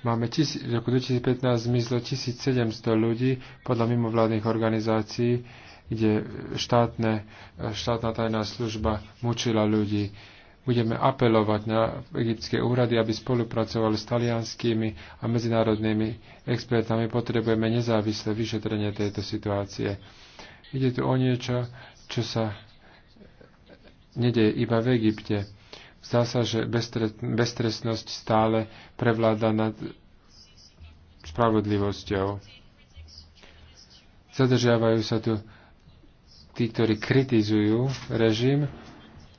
Máme tis, v roku 2015 zmizlo 1700 ľudí podľa mimovládnych organizácií kde štátne, štátna tajná služba mučila ľudí. Budeme apelovať na egyptské úrady, aby spolupracovali s talianskými a medzinárodnými expertami. Potrebujeme nezávislé vyšetrenie tejto situácie. Ide tu o niečo, čo sa nedeje iba v Egypte. Zdá sa, že beztrestnosť stále prevláda nad spravodlivosťou. Zadržiavajú sa tu tí, ktorí kritizujú režim.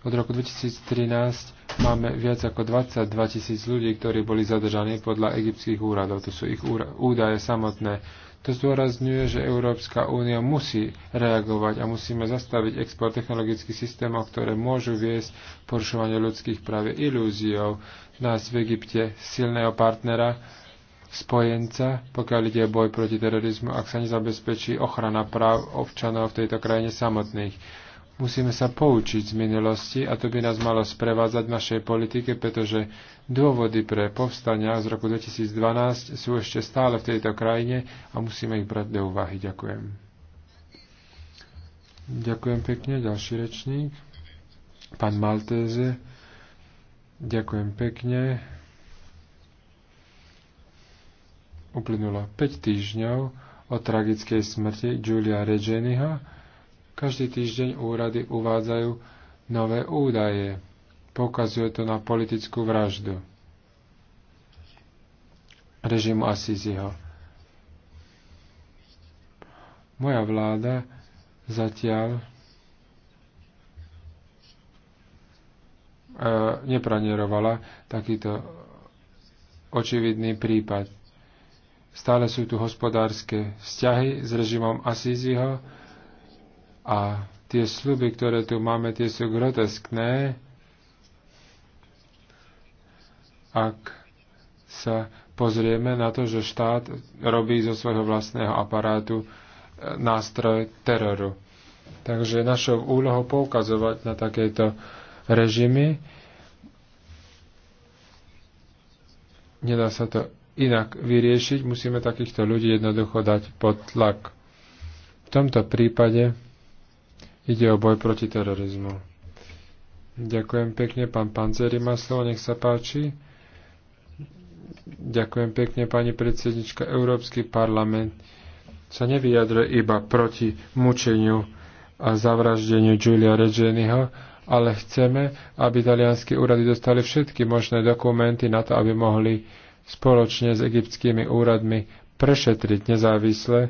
Od roku 2013 máme viac ako 22 tisíc ľudí, ktorí boli zadržaní podľa egyptských úradov. To sú ich údaje samotné. To zdôrazňuje, že Európska únia musí reagovať a musíme zastaviť export technologických systémov, ktoré môžu viesť porušovanie ľudských práv ilúziou nás v Egypte silného partnera, spojenca, pokiaľ ide o boj proti terorizmu, ak sa nezabezpečí ochrana práv občanov v tejto krajine samotných. Musíme sa poučiť z minulosti a to by nás malo sprevádzať v našej politike, pretože dôvody pre povstania z roku 2012 sú ešte stále v tejto krajine a musíme ich brať do úvahy. Ďakujem. Ďakujem pekne. Ďalší rečník. Pán Malteze. Ďakujem pekne. uplynulo 5 týždňov od tragickej smrti Julia Regeniha, každý týždeň úrady uvádzajú nové údaje. Poukazuje to na politickú vraždu režimu Asiziho. Moja vláda zatiaľ e, nepranierovala takýto očividný prípad. Stále sú tu hospodárske vzťahy s režimom Asíziho a tie sluby, ktoré tu máme, tie sú groteskné. Ak sa pozrieme na to, že štát robí zo svojho vlastného aparátu e, nástroj teroru. Takže našou úlohou poukazovať na takéto režimy. Nedá sa to inak vyriešiť, musíme takýchto ľudí jednoducho dať pod tlak. V tomto prípade ide o boj proti terorizmu. Ďakujem pekne, pán Panzeri má slovo, nech sa páči. Ďakujem pekne, pani predsednička. Európsky parlament sa nevyjadruje iba proti mučeniu a zavraždeniu Giulia Regeniho, ale chceme, aby italianské úrady dostali všetky možné dokumenty na to, aby mohli spoločne s egyptskými úradmi prešetriť nezávisle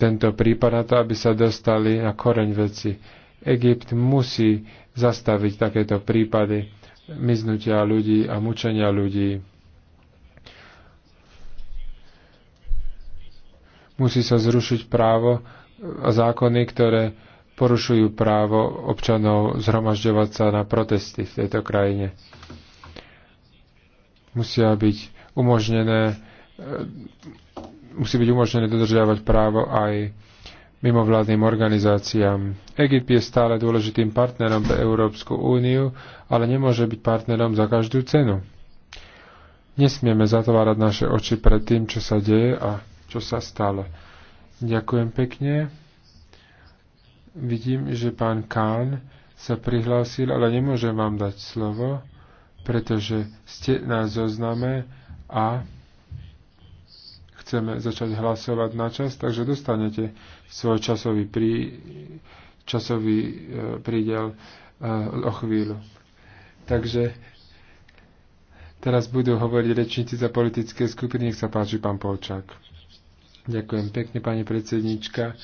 tento prípad na to, aby sa dostali na koreň veci. Egypt musí zastaviť takéto prípady miznutia ľudí a mučenia ľudí. Musí sa zrušiť právo a zákony, ktoré porušujú právo občanov zhromažďovať sa na protesty v tejto krajine. Musia byť umožnené, e, musí byť umožnené dodržiavať právo aj mimovládnym organizáciám. Egypt je stále dôležitým partnerom pre Európsku úniu, ale nemôže byť partnerom za každú cenu. Nesmieme zatvárať naše oči pred tým, čo sa deje a čo sa stalo. Ďakujem pekne. Vidím, že pán Kán sa prihlásil, ale nemôžem vám dať slovo, pretože ste na zozname a chceme začať hlasovať na čas, takže dostanete svoj časový, prí, časový e, prídel e, o chvíľu. Takže teraz budú hovoriť rečníci za politické skupiny. Nech sa páči, pán Polčák. Ďakujem pekne, pani predsednička.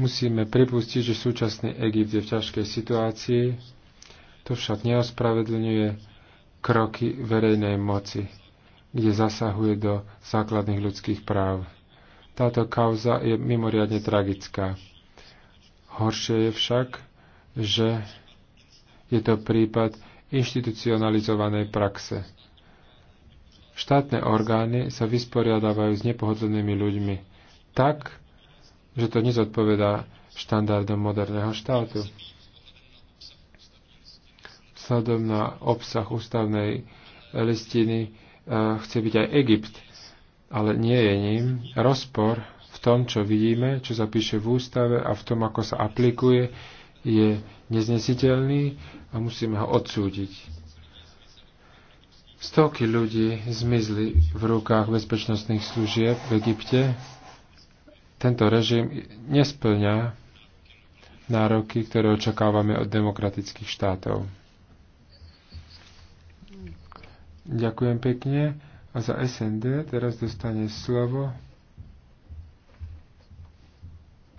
Musíme pripustiť, že súčasný Egypt je v ťažkej situácii. To však neospravedlňuje kroky verejnej moci, kde zasahuje do základných ľudských práv. Táto kauza je mimoriadne tragická. Horšie je však, že je to prípad inštitucionalizovanej praxe. Štátne orgány sa vysporiadávajú s nepohodlnými ľuďmi tak, že to nezodpovedá štandardom moderného štátu vzhľadom na obsah ústavnej listiny eh, chce byť aj Egypt, ale nie je ním. Rozpor v tom, čo vidíme, čo zapíše v ústave a v tom, ako sa aplikuje, je neznesiteľný a musíme ho odsúdiť. Stoky ľudí zmizli v rukách bezpečnostných služieb v Egypte. Tento režim nesplňa nároky, ktoré očakávame od demokratických štátov. Ďakujem pekne. A za SND teraz dostane slovo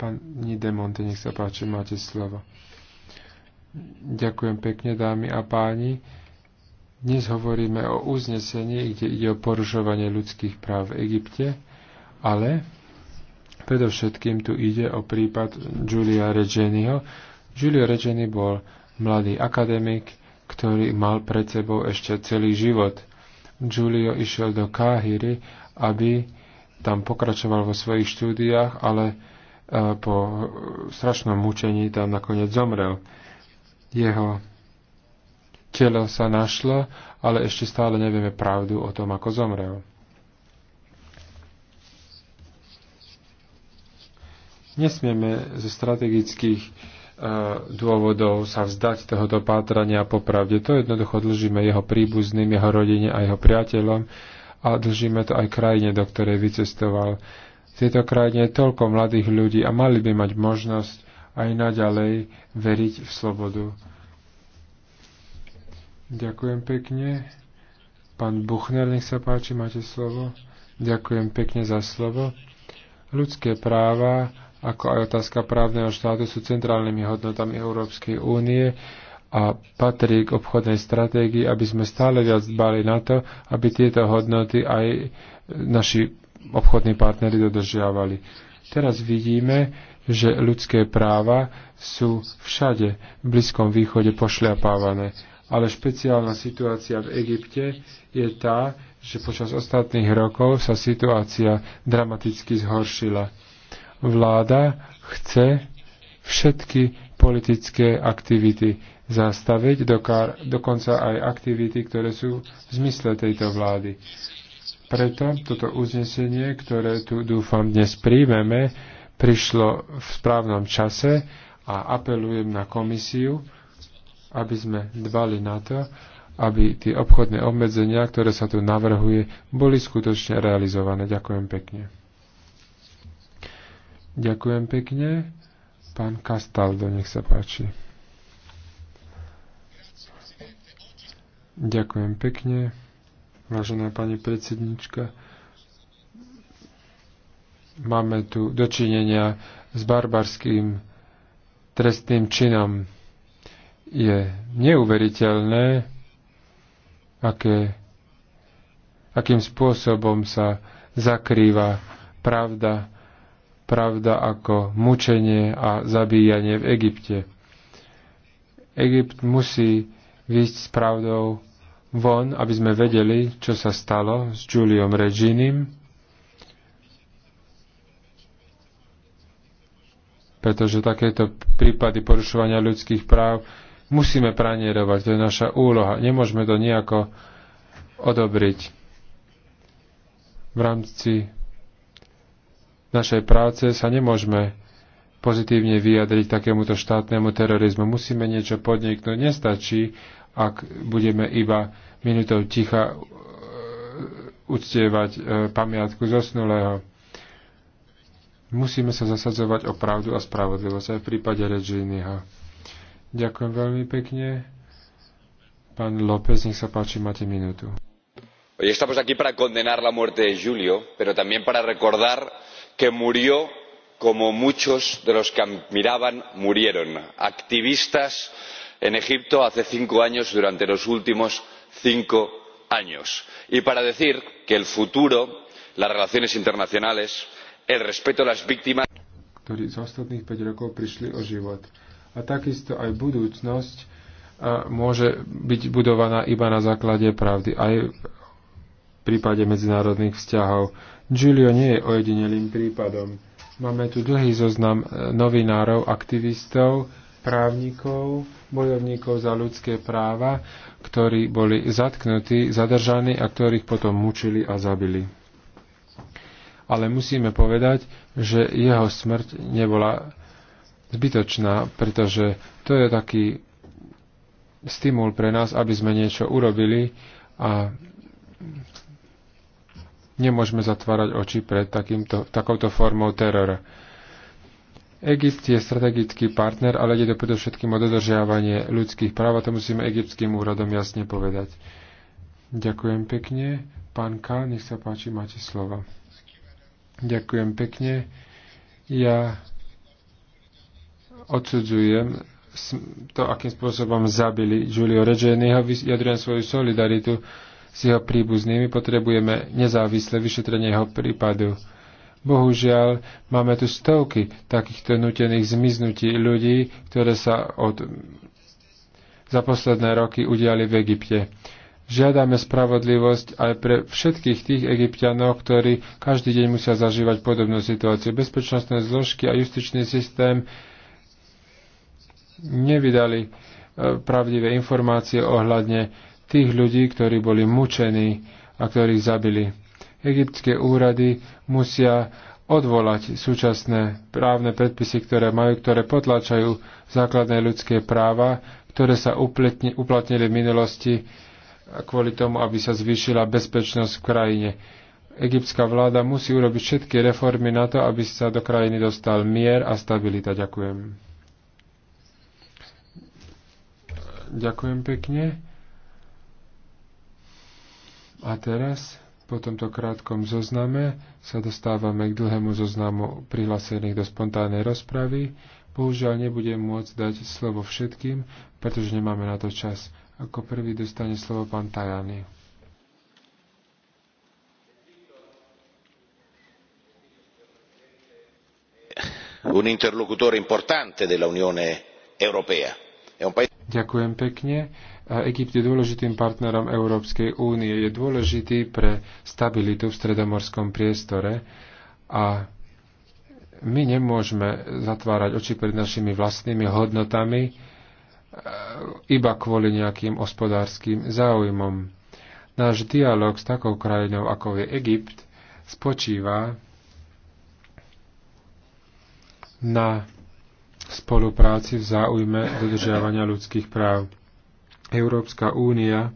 pani Demonte, nech sa páči, máte slovo. Ďakujem pekne, dámy a páni. Dnes hovoríme o uznesení, kde ide o porušovanie ľudských práv v Egypte, ale predovšetkým tu ide o prípad Giulia Regeniho. Giulio Regeni bol mladý akademik, ktorý mal pred sebou ešte celý život. Giulio išiel do Káhiry, aby tam pokračoval vo svojich štúdiách, ale e, po strašnom mučení tam nakoniec zomrel. Jeho telo sa našlo, ale ešte stále nevieme pravdu o tom, ako zomrel. Nesmieme zo strategických dôvodov sa vzdať tohoto pátrania popravde. To jednoducho dlžíme jeho príbuzným, jeho rodine a jeho priateľom a dlžíme to aj krajine, do ktorej vycestoval. V tejto krajine je toľko mladých ľudí a mali by mať možnosť aj naďalej veriť v slobodu. Ďakujem pekne. Pán Buchner, nech sa páči, máte slovo. Ďakujem pekne za slovo. Ľudské práva ako aj otázka právneho štátu sú centrálnymi hodnotami Európskej únie a patrí k obchodnej stratégii, aby sme stále viac dbali na to, aby tieto hodnoty aj naši obchodní partnery dodržiavali. Teraz vidíme, že ľudské práva sú všade v Blízkom východe pošľapávané. Ale špeciálna situácia v Egypte je tá, že počas ostatných rokov sa situácia dramaticky zhoršila vláda chce všetky politické aktivity zastaviť, dokar, dokonca aj aktivity, ktoré sú v zmysle tejto vlády. Preto toto uznesenie, ktoré tu dúfam dnes príjmeme, prišlo v správnom čase a apelujem na komisiu, aby sme dbali na to, aby tie obchodné obmedzenia, ktoré sa tu navrhuje, boli skutočne realizované. Ďakujem pekne. Ďakujem pekne. Pán Kastaldo, nech sa páči. Ďakujem pekne, vážená pani predsednička. Máme tu dočinenia s barbarským trestným činom. Je neuveriteľné, aké, akým spôsobom sa zakrýva pravda pravda ako mučenie a zabíjanie v Egypte. Egypt musí výjsť s pravdou von, aby sme vedeli, čo sa stalo s Juliom Reginim, pretože takéto prípady porušovania ľudských práv musíme pranierovať. To je naša úloha. Nemôžeme to nejako odobriť. V rámci našej práce sa nemôžeme pozitívne vyjadriť takémuto štátnemu terorizmu. Musíme niečo podniknúť. Nestačí, ak budeme iba minutou ticha uh, uctievať uh, pamiatku zosnulého. Musíme sa zasadzovať o pravdu a spravodlivosť aj v prípade Regínyho. Ďakujem veľmi pekne. Pán López, nech sa páči, máte minútu. Hoy estamos aquí para condenar la muerte de Julio, pero también para recordar que murió como muchos de los que admiraban murieron activistas en egipto hace cinco años durante los últimos cinco años y para decir que el futuro las relaciones internacionales el respeto a las víctimas ktorí z ostatných 5 rokov prišli o život. A takisto aj budúcnosť a, môže byť budovaná iba na základe pravdy, aj v prípade medzinárodných vzťahov. Giulio nie je ojedinelým prípadom. Máme tu dlhý zoznam e, novinárov, aktivistov, právnikov, bojovníkov za ľudské práva, ktorí boli zatknutí, zadržaní a ktorých potom mučili a zabili. Ale musíme povedať, že jeho smrť nebola zbytočná, pretože to je taký stimul pre nás, aby sme niečo urobili a Nemôžeme zatvárať oči pred takýmto, takouto formou terora. Egypt je strategický partner, ale ide predovšetkým o dodržiavanie ľudských práv a to musíme egyptským úradom jasne povedať. Ďakujem pekne. Pán K, nech sa páči, máte slovo. Ďakujem pekne. Ja odsudzujem to, akým spôsobom zabili Giulio Regeniho. Vyjadrujem svoju solidaritu s jeho príbuznými, potrebujeme nezávislé vyšetrenie jeho prípadu. Bohužiaľ, máme tu stovky takýchto nutených zmiznutí ľudí, ktoré sa od, za posledné roky udiali v Egypte. Žiadame spravodlivosť aj pre všetkých tých egyptianov, ktorí každý deň musia zažívať podobnú situáciu. Bezpečnostné zložky a justičný systém nevydali e, pravdivé informácie ohľadne tých ľudí, ktorí boli mučení a ktorých zabili. Egyptské úrady musia odvolať súčasné právne predpisy, ktoré majú, ktoré potláčajú základné ľudské práva, ktoré sa upletni, uplatnili v minulosti kvôli tomu, aby sa zvýšila bezpečnosť v krajine. Egyptská vláda musí urobiť všetky reformy na to, aby sa do krajiny dostal mier a stabilita. Ďakujem. Ďakujem pekne. A teraz, po tomto krátkom zozname, sa dostávame k dlhému zoznamu prihlásených do spontánnej rozpravy. Bohužiaľ nebudem môcť dať slovo všetkým, pretože nemáme na to čas. Ako prvý dostane slovo pán Tajany. Un interlocutore importante Unione Europea. Ďakujem pekne Egypt je dôležitým partnerom Európskej únie, je dôležitý pre stabilitu v stredomorskom priestore a my nemôžeme zatvárať oči pred našimi vlastnými hodnotami e, iba kvôli nejakým hospodárským záujmom. Náš dialog s takou krajinou, ako je Egypt, spočíva na spolupráci v záujme dodržiavania ľudských práv. Európska únia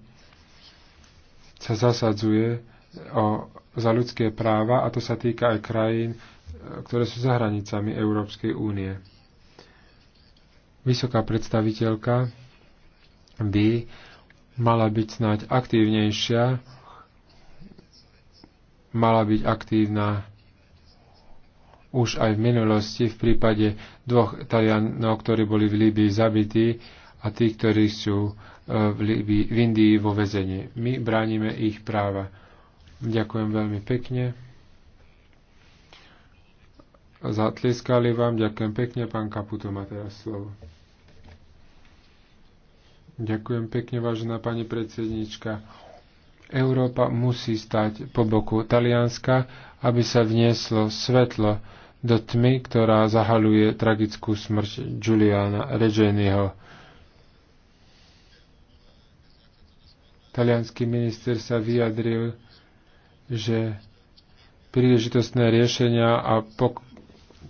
sa zasadzuje o, za ľudské práva a to sa týka aj krajín, e, ktoré sú za hranicami Európskej únie. Vysoká predstaviteľka by mala byť snáď aktívnejšia, mala byť aktívna už aj v minulosti v prípade dvoch Talianov, ktorí boli v Líbii zabití a tí, ktorí sú v, Libii, v Indii vo vezení. My bránime ich práva. Ďakujem veľmi pekne. zatliskali vám. Ďakujem pekne. Pán Kaputo má teraz slovo. Ďakujem pekne, vážená pani predsednička. Európa musí stať po boku Talianska, aby sa vnieslo svetlo do tmy, ktorá zahaluje tragickú smrť Juliana Regeniho. Talianský minister sa vyjadril, že príležitostné riešenia a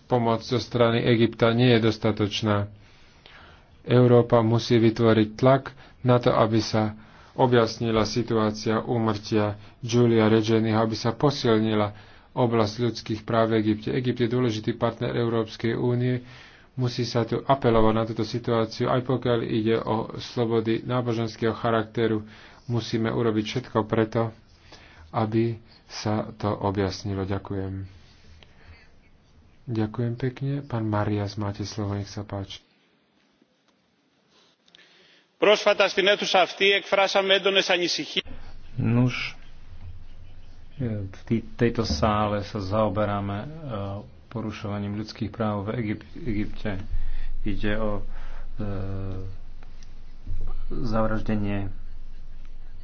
pomoc zo strany Egypta nie je dostatočná. Európa musí vytvoriť tlak na to, aby sa objasnila situácia úmrtia Julia Regeniho, aby sa posilnila oblasť ľudských práv v Egypte. Egypt je dôležitý partner Európskej únie, musí sa tu apelovať na túto situáciu, aj pokiaľ ide o slobody náboženského charakteru musíme urobiť všetko preto, aby sa to objasnilo. Ďakujem. Ďakujem pekne. Pán Marias, máte slovo, nech sa páči. Πρόσφατα στην αίθουσα αυτή εκφράσαμε έντονες ανησυχίες. Nuž, v tejto sále sa zaoberáme porušovaním ľudských práv v Egypte. Ide o e, zavraždenie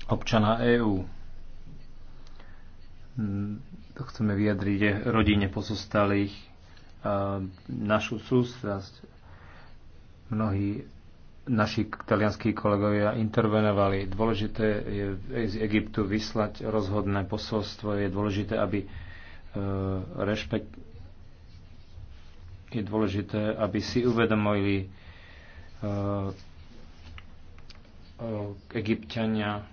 občana EÚ. To Chceme vyjadriť rodine pozostalých našu sústrasť. Mnohí naši talianskí kolegovia intervenovali. Dôležité je z Egyptu vyslať rozhodné posolstvo. Je dôležité, aby e, rešpekt je dôležité, aby si uvedomili uh, uh, egyptiania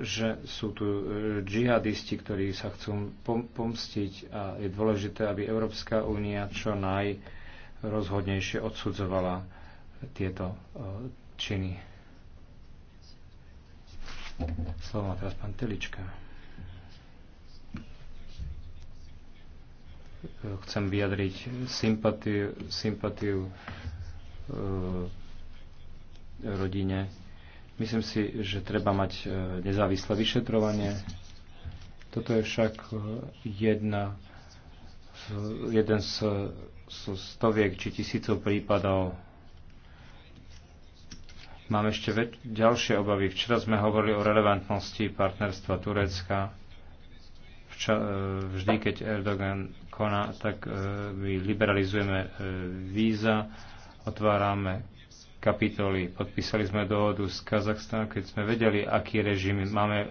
že sú tu e, džihadisti, ktorí sa chcú pomstiť a je dôležité, aby Európska únia čo najrozhodnejšie odsudzovala tieto e, činy. Slovo má teraz pán Telička. E, chcem vyjadriť sympatiu, sympatiu e, rodine Myslím si, že treba mať e, nezávislé vyšetrovanie. Toto je však e, jedna, jeden z, z stoviek či tisícov prípadov. Mám ešte väč- ďalšie obavy. Včera sme hovorili o relevantnosti partnerstva Turecka. Vča- e, vždy, keď Erdogan koná, tak my liberalizujeme víza, otvárame kapitoly. Podpísali sme dohodu s Kazachstanom, keď sme vedeli, aký režim máme e,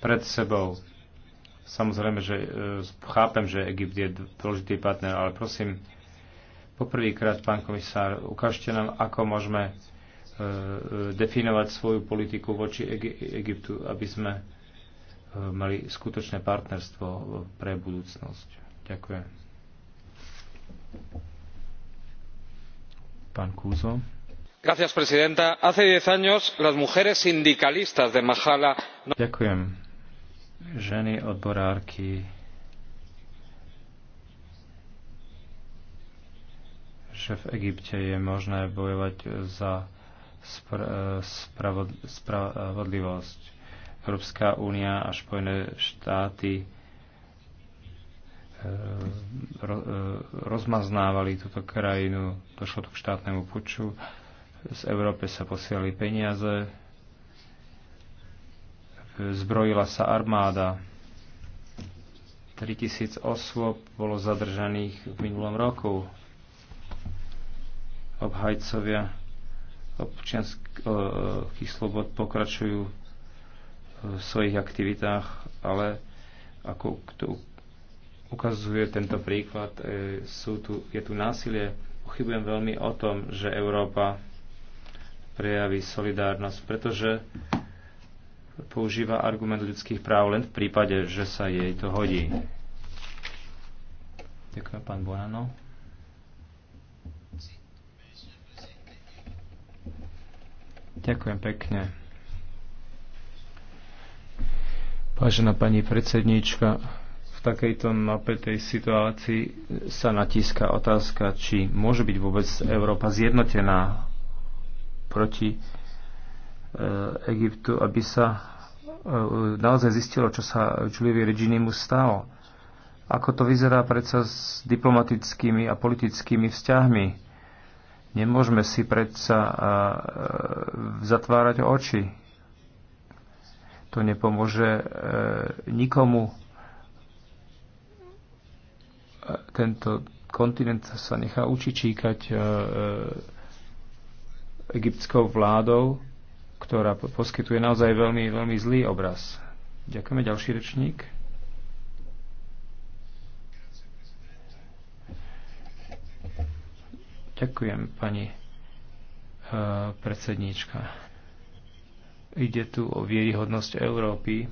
pred sebou. Samozrejme, že e, chápem, že Egypt je dôležitý partner, ale prosím, poprvýkrát, pán komisár, ukážte nám, ako môžeme e, definovať svoju politiku voči Egyptu, aby sme mali skutočné partnerstvo pre budúcnosť. Ďakujem señora presidenta. Hace diez años las mujeres sindicalistas de Mahala... No- že v Egypte je možné bojovať za spra- spravodlivosť. Európska únia a Spojené štáty E, rozmaznávali túto krajinu, došlo tu k štátnemu puču, z Európe sa posielali peniaze, zbrojila sa armáda, 3000 osôb bolo zadržaných v minulom roku. Obhajcovia občianských slobod pokračujú v svojich aktivitách, ale ako ukazuje tento príklad. E, sú tu, je tu násilie. Pochybujem veľmi o tom, že Európa prejaví solidárnosť, pretože používa argument ľudských práv len v prípade, že sa jej to hodí. Ďakujem, pán Bonano. Ďakujem pekne. Vážená pani predsedníčka, v takejto napätej situácii sa natíska otázka, či môže byť vôbec Európa zjednotená proti e, Egyptu, aby sa e, naozaj zistilo, čo sa Giuliovi mu stalo. Ako to vyzerá predsa s diplomatickými a politickými vzťahmi? Nemôžeme si predsa e, zatvárať oči. To nepomôže e, nikomu tento kontinent sa nechá učičíkať e, e, egyptskou vládou, ktorá poskytuje naozaj veľmi, veľmi zlý obraz. Ďakujeme, ďalší rečník. Ďakujem, pani e, predsedníčka. Ide tu o vieryhodnosť Európy,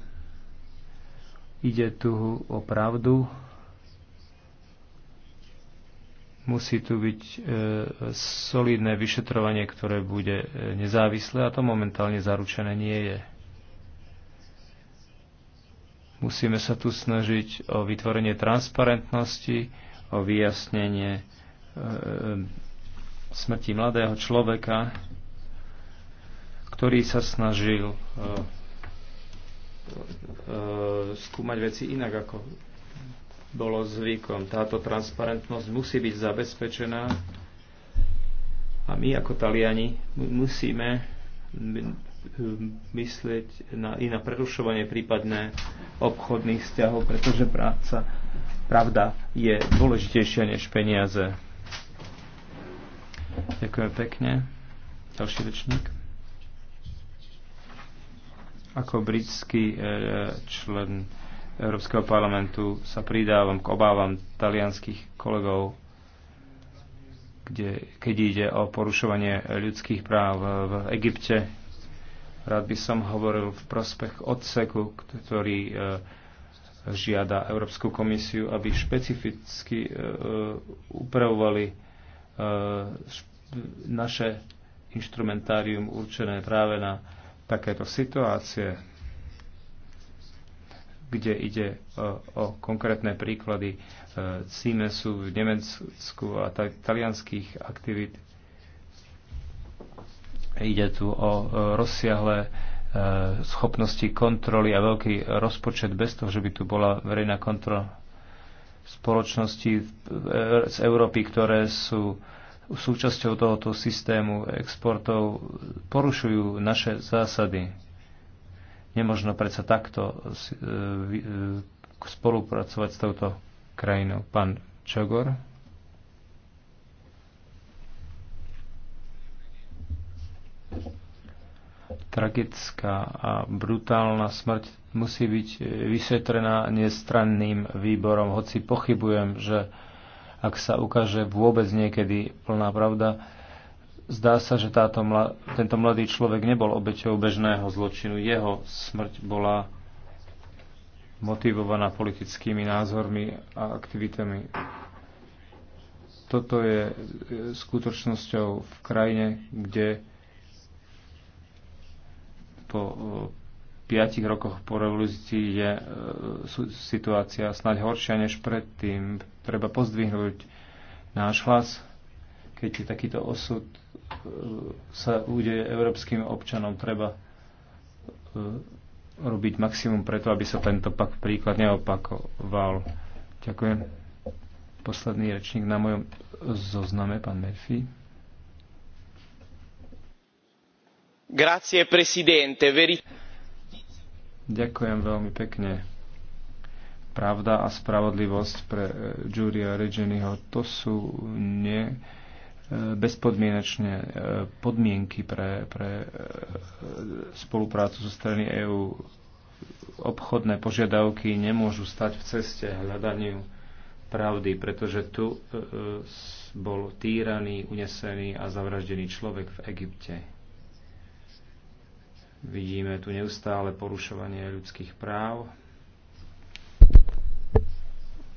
ide tu o pravdu, Musí tu byť e, solidné vyšetrovanie, ktoré bude e, nezávislé a to momentálne zaručené nie je. Musíme sa tu snažiť o vytvorenie transparentnosti, o vyjasnenie e, e smrti mladého človeka, ktorý sa snažil e, e, skúmať veci inak ako bolo zvykom. Táto transparentnosť musí byť zabezpečená a my ako Taliani musíme myslieť na, i na prerušovanie prípadne obchodných vzťahov, pretože práca, pravda je dôležitejšia než peniaze. Ďakujem pekne. Ďalší rečník. Ako britský e, člen Európskeho parlamentu sa pridávam k obávam talianských kolegov, kde, keď ide o porušovanie ľudských práv v Egypte. Rád by som hovoril v prospech odseku, ktorý e, žiada Európsku komisiu, aby špecificky e, e upravovali e, naše inštrumentárium určené práve na takéto situácie kde ide o, e, o konkrétne príklady CIMESu e, v Nemecku a talianských aktivít. Ide tu o e, rozsiahle schopnosti kontroly a veľký rozpočet bez toho, že by tu bola verejná kontrola spoločnosti z Európy, ktoré sú súčasťou tohoto systému exportov, porušujú naše zásady Nemožno predsa takto e, e, spolupracovať s touto krajinou. Pán Čogor. Tragická a brutálna smrť musí byť vyšetrená nestranným výborom, hoci pochybujem, že ak sa ukáže vôbec niekedy plná pravda, Zdá sa, že táto mla, tento mladý človek nebol obeťou bežného zločinu. Jeho smrť bola motivovaná politickými názormi a aktivitami. Toto je skutočnosťou v krajine, kde po e, piatich rokoch po revolúcii je e, situácia snáď horšia než predtým. Treba pozdvihnúť náš hlas, keď je takýto osud sa udeje európskym občanom. Treba e, robiť maximum preto, aby sa tento pak príklad neopakoval. Ďakujem. Posledný rečník na mojom zozname, pán Murphy. Grazie, presidente. Veri... Ďakujem veľmi pekne. Pravda a spravodlivosť pre e, Giulia Regeniho, to sú nie bezpodmienečne e, podmienky pre, pre e, spoluprácu zo so strany EÚ. Obchodné požiadavky nemôžu stať v ceste hľadaniu pravdy, pretože tu e, bol týraný, unesený a zavraždený človek v Egypte. Vidíme tu neustále porušovanie ľudských práv.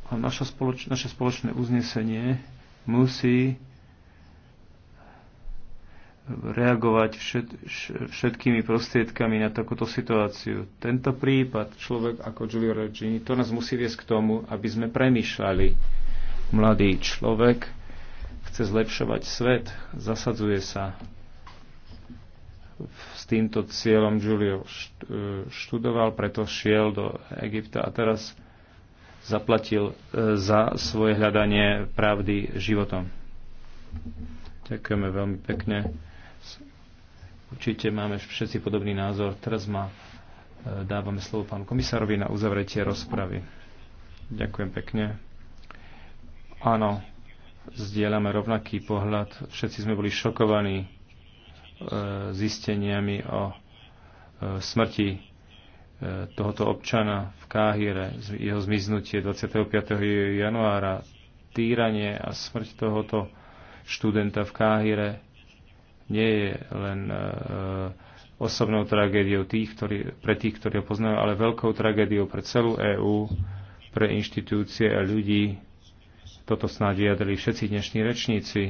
A naše spoločné uznesenie musí reagovať všet, všetkými prostriedkami na takúto situáciu. Tento prípad, človek ako Giulio Regini, to nás musí viesť k tomu, aby sme premýšľali. Mladý človek chce zlepšovať svet, zasadzuje sa s týmto cieľom Giulio e, študoval, preto šiel do Egypta a teraz zaplatil e, za svoje hľadanie pravdy životom. Ďakujeme veľmi pekne. Určite máme všetci podobný názor. Teraz ma e, dávame slovo pánu komisárovi na uzavretie rozpravy. Ďakujem pekne. Áno, zdieľame rovnaký pohľad. Všetci sme boli šokovaní e, zisteniami o e, smrti tohoto občana v Káhire, jeho zmiznutie 25. januára, týranie a smrť tohoto študenta v Káhire nie je len e, e, osobnou tragédiou tých, ktorí, pre tých, ktorí ho poznajú, ale veľkou tragédiou pre celú EÚ, pre inštitúcie a ľudí. Toto snáď vyjadrili všetci dnešní rečníci.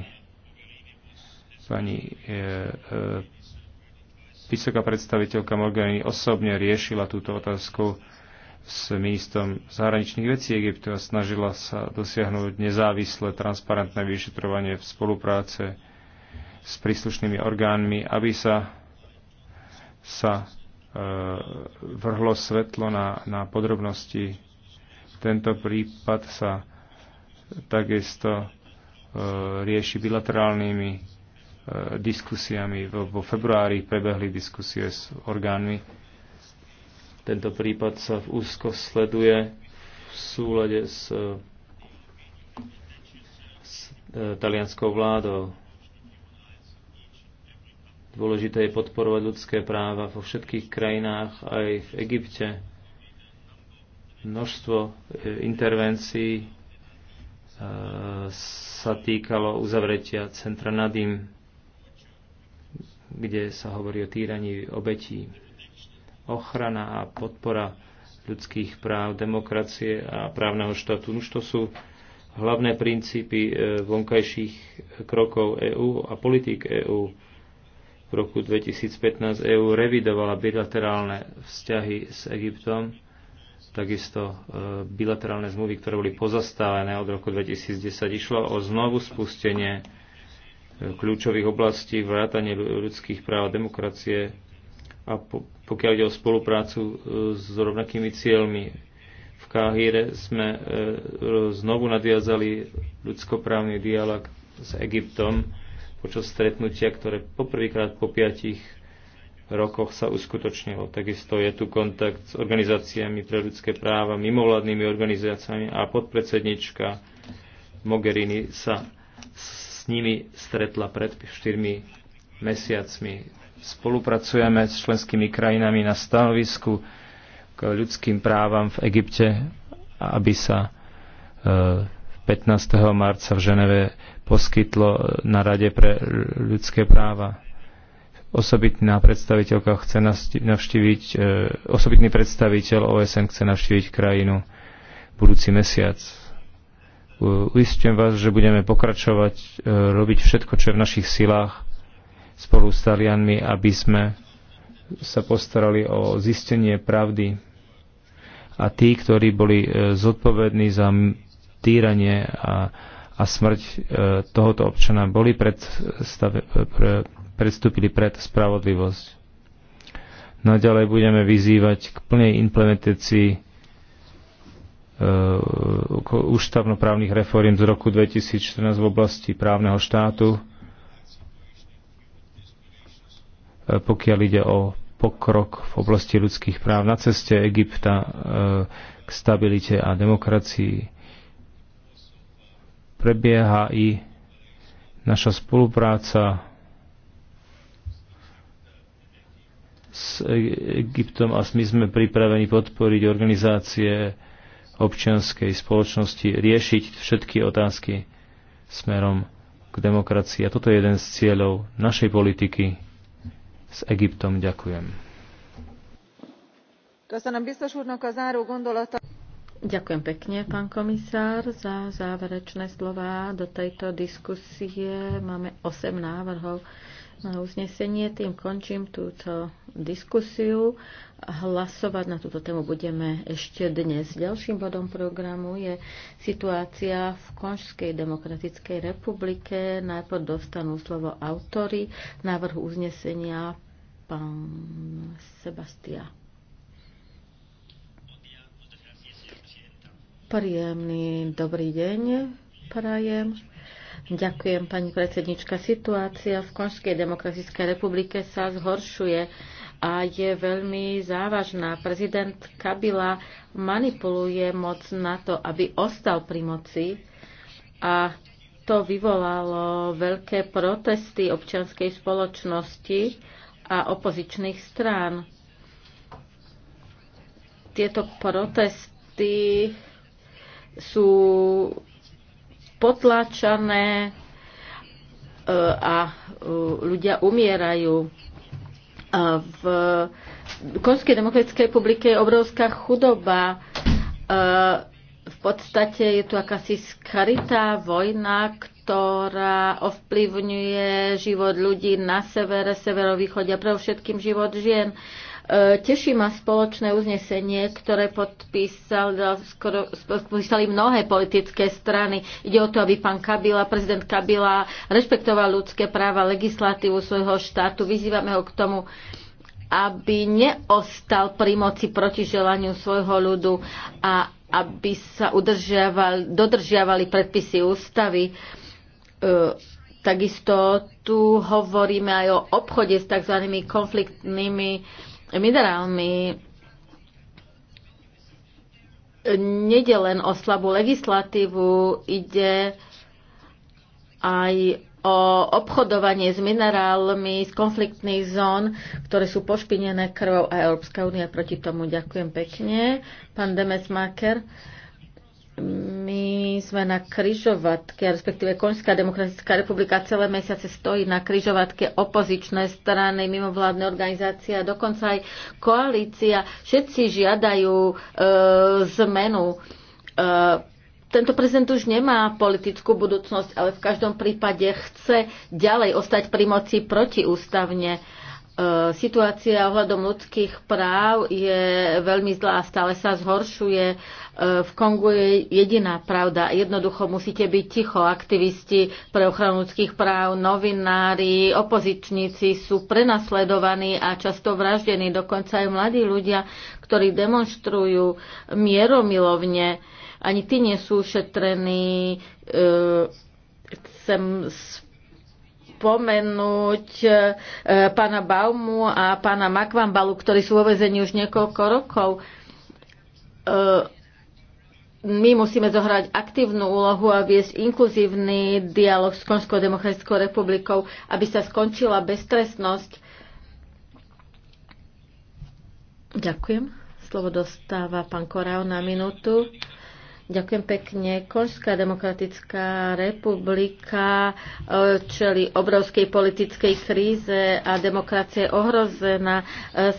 Pani e, e, vysoká predstaviteľka Morgani osobne riešila túto otázku s ministrom zahraničných vecí Egyptu a snažila sa dosiahnuť nezávislé, transparentné vyšetrovanie v spolupráce s príslušnými orgánmi, aby sa, sa e, vrhlo svetlo na, na podrobnosti. Tento prípad sa takisto e, rieši bilaterálnymi e, diskusiami. Vo, vo februári prebehli diskusie s orgánmi. Tento prípad sa v úzko sleduje v súlade s, e, s e, talianskou vládou Dôležité je podporovať ľudské práva vo všetkých krajinách, aj v Egypte. Množstvo e, intervencií e, sa týkalo uzavretia centra Nadim, kde sa hovorí o týraní obetí. Ochrana a podpora ľudských práv, demokracie a právneho štátu. Už to sú hlavné princípy e, vonkajších krokov EÚ a politík EÚ v roku 2015 EÚ revidovala bilaterálne vzťahy s Egyptom, takisto e, bilaterálne zmluvy, ktoré boli pozastavené od roku 2010. Išlo o znovu spustenie e, kľúčových oblastí vrátanie ľudských práv a demokracie a pokiaľ ide o spoluprácu e, s rovnakými cieľmi. V Káhire sme znovu nadviazali ľudskoprávny dialog s Egyptom, počas stretnutia, ktoré poprvýkrát po piatich rokoch sa uskutočnilo. Takisto je tu kontakt s organizáciami pre ľudské práva, mimovládnymi organizáciami a podpredsednička Mogherini sa s nimi stretla pred 4 mesiacmi. Spolupracujeme s členskými krajinami na stanovisku k ľudským právam v Egypte, aby sa e, 15. marca v Ženeve poskytlo na Rade pre ľudské práva. Osobitná predstaviteľka chce navštíviť, e, osobitný predstaviteľ OSN chce navštíviť krajinu budúci mesiac. Uistujem vás, že budeme pokračovať, e, robiť všetko, čo je v našich silách spolu s Talianmi, aby sme sa postarali o zistenie pravdy. A tí, ktorí boli e, zodpovední za týranie a, a smrť e, tohoto občana boli predstave, pre, predstúpili pred spravodlivosť. Naďalej budeme vyzývať k plnej implementácii e, ústavnoprávnych reforiem z roku 2014 v oblasti právneho štátu, e, pokiaľ ide o pokrok v oblasti ľudských práv na ceste Egypta e, k stabilite a demokracii prebieha i naša spolupráca s Egyptom a my sme pripravení podporiť organizácie občianskej spoločnosti, riešiť všetky otázky smerom k demokracii. A toto je jeden z cieľov našej politiky s Egyptom. Ďakujem. Ďakujem pekne, pán komisár, za záverečné slova. Do tejto diskusie máme 8 návrhov na uznesenie. Tým končím túto diskusiu. Hlasovať na túto tému budeme ešte dnes. Ďalším bodom programu je situácia v Konžskej demokratickej republike. Najprv dostanú slovo autory návrhu uznesenia pán Sebastia. Príjemný dobrý deň prajem. Ďakujem, pani predsednička. Situácia v Konžskej demokratickej republike sa zhoršuje a je veľmi závažná. Prezident Kabila manipuluje moc na to, aby ostal pri moci a to vyvolalo veľké protesty občianskej spoločnosti a opozičných strán. Tieto protesty sú potlačané e, a e, ľudia umierajú. E, v Konskej demokratickej republike je obrovská chudoba. V podstate je tu akási skaritá vojna, ktorá ovplyvňuje život ľudí na severe, severovýchode a pre všetkým život žien. E, teší ma spoločné uznesenie, ktoré podpísali mnohé politické strany. Ide o to, aby pán Kabila, prezident Kabila, rešpektoval ľudské práva, legislatívu svojho štátu. Vyzývame ho k tomu, aby neostal pri moci proti želaniu svojho ľudu a aby sa udržiavali, dodržiavali predpisy ústavy. E, takisto tu hovoríme aj o obchode s tzv. konfliktnými minerálmi nejde len o slabú legislatívu, ide aj o obchodovanie s minerálmi z konfliktných zón, ktoré sú pošpinené krvou a Európska únia proti tomu. Ďakujem pekne. Pán Demesmaker. My sme na kryžovatke, respektíve Koňská demokratická republika celé mesiace stojí na kryžovatke opozičné strany, mimovládne organizácie a dokonca aj koalícia. Všetci žiadajú e, zmenu. E, tento prezident už nemá politickú budúcnosť, ale v každom prípade chce ďalej ostať pri moci protiústavne. E, situácia ohľadom ľudských práv je veľmi zlá, stále sa zhoršuje. E, v Kongu je jediná pravda. Jednoducho musíte byť ticho. Aktivisti pre ochranu ľudských práv, novinári, opozičníci sú prenasledovaní a často vraždení. Dokonca aj mladí ľudia, ktorí demonstrujú mieromilovne. Ani tí nie sú šetrení. E, chcem spomenúť e, pána Baumu a pána Makvambalu, ktorí sú vo vezení už niekoľko rokov. E, my musíme zohrať aktívnu úlohu a viesť inkluzívny dialog s Konskou demokratickou republikou, aby sa skončila beztrestnosť. Ďakujem. Slovo dostáva pán Korau na minútu. Ďakujem pekne. Konžská demokratická republika e, čeli obrovskej politickej kríze a demokracia je ohrozená. E,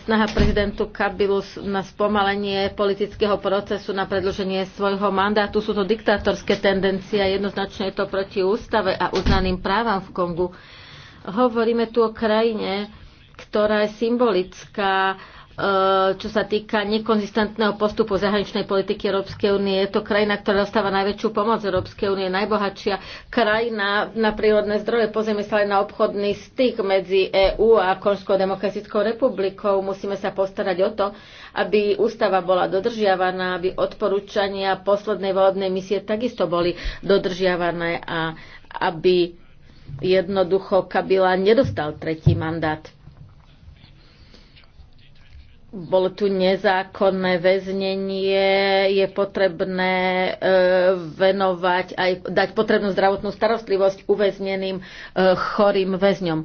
Snaha prezidentu Kabilu na spomalenie politického procesu, na predlženie svojho mandátu sú to diktátorské tendencie a jednoznačne je to proti ústave a uznaným právam v Kongu. Hovoríme tu o krajine, ktorá je symbolická Eh, čo sa týka nekonzistentného postupu zahraničnej politiky Európskej únie. Je to krajina, ktorá dostáva najväčšiu pomoc Európskej únie, najbohatšia krajina na prírodné zdroje. Pozrieme sa aj na obchodný styk medzi EÚ a Konžskou demokratickou republikou. Musíme sa postarať o to, aby ústava bola dodržiavaná, aby odporúčania poslednej volebnej misie takisto boli dodržiavané a aby jednoducho Kabila nedostal tretí mandát bolo tu nezákonné väznenie, je potrebné e, venovať aj dať potrebnú zdravotnú starostlivosť uväzneným e, chorým väzňom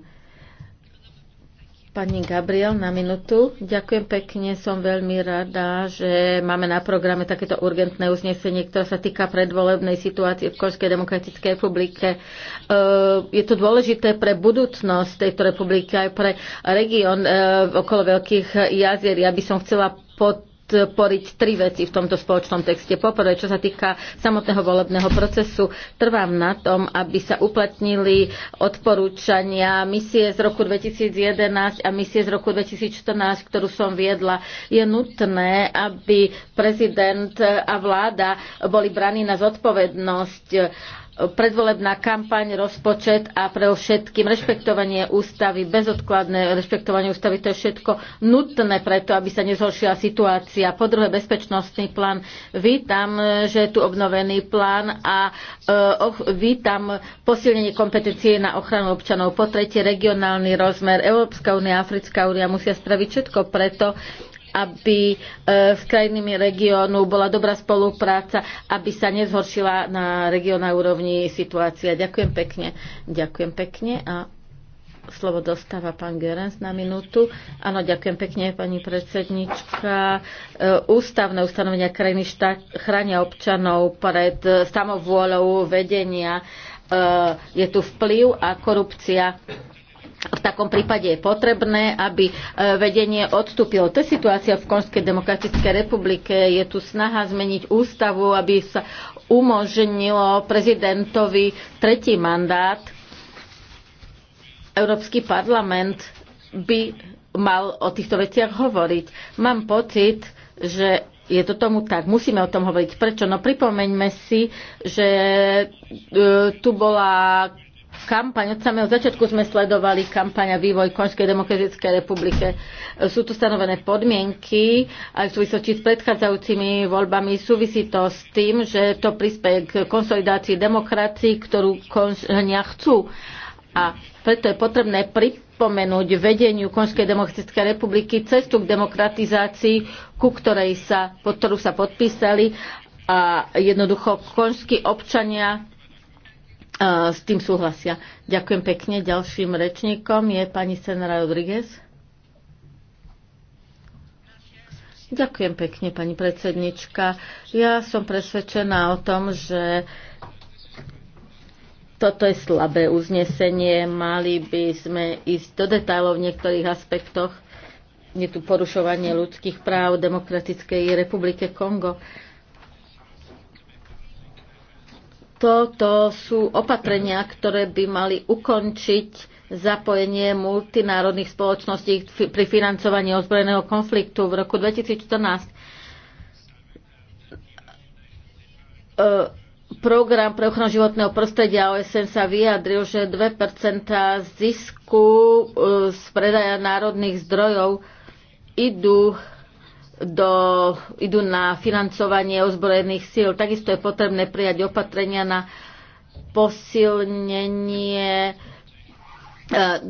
Pani Gabriel, na minútu. Ďakujem pekne, som veľmi rada, že máme na programe takéto urgentné uznesenie, ktoré sa týka predvolebnej situácie v Korskej demokratickej republike. E, je to dôležité pre budúcnosť tejto republiky aj pre región e, okolo veľkých jazier. Ja by som chcela pod podporiť tri veci v tomto spoločnom texte. Poprvé, čo sa týka samotného volebného procesu, trvám na tom, aby sa uplatnili odporúčania misie z roku 2011 a misie z roku 2014, ktorú som viedla. Je nutné, aby prezident a vláda boli braní na zodpovednosť predvolebná kampaň, rozpočet a pre všetkým rešpektovanie ústavy, bezodkladné rešpektovanie ústavy, to je všetko nutné preto, aby sa nezhoršila situácia. Po druhé, bezpečnostný plán. Vítam, že je tu obnovený plán a uh, vítam posilnenie kompetencie na ochranu občanov. Po tretie, regionálny rozmer. Európska únia, Africká únia musia spraviť všetko preto, aby s e, krajinami regiónu bola dobrá spolupráca, aby sa nezhoršila na regionálnej úrovni situácia. Ďakujem pekne. Ďakujem pekne a slovo dostáva pán Gerens na minútu. Áno, ďakujem pekne, pani predsednička. E, ústavné ustanovenia krajiny štát chránia občanov pred samovôľou vedenia. E, je tu vplyv a korupcia v takom prípade je potrebné, aby e, vedenie odstúpilo. To je situácia v Konskej demokratickej republike. Je tu snaha zmeniť ústavu, aby sa umožnilo prezidentovi tretí mandát. Európsky parlament by mal o týchto veciach hovoriť. Mám pocit, že je to tomu tak. Musíme o tom hovoriť. Prečo? No pripomeňme si, že e, tu bola kampaň, od samého začiatku sme sledovali kampaň a vývoj Konžskej demokratickej republike. Sú tu stanovené podmienky aj v súvislosti s predchádzajúcimi voľbami. Súvisí to s tým, že to prispieje k konsolidácii demokracii, ktorú Konžania chcú. A preto je potrebné pripomenúť vedeniu Konžskej demokratickej republiky cestu k demokratizácii, ku ktorej sa, pod ktorú sa podpísali a jednoducho konžskí občania s tým súhlasia. Ďakujem pekne. Ďalším rečníkom je pani Senra Rodriguez. Ďakujem pekne, pani predsednička. Ja som presvedčená o tom, že toto je slabé uznesenie. Mali by sme ísť do detajlov v niektorých aspektoch. Je tu porušovanie ľudských práv Demokratickej republike Kongo. Toto sú opatrenia, ktoré by mali ukončiť zapojenie multinárodných spoločností pri financovaní ozbrojeného konfliktu v roku 2014. E, program pre ochranu životného prostredia OSN sa vyjadril, že 2 zisku e, z predaja národných zdrojov idú do, idú na financovanie ozbrojených síl. Takisto je potrebné prijať opatrenia na posilnenie e,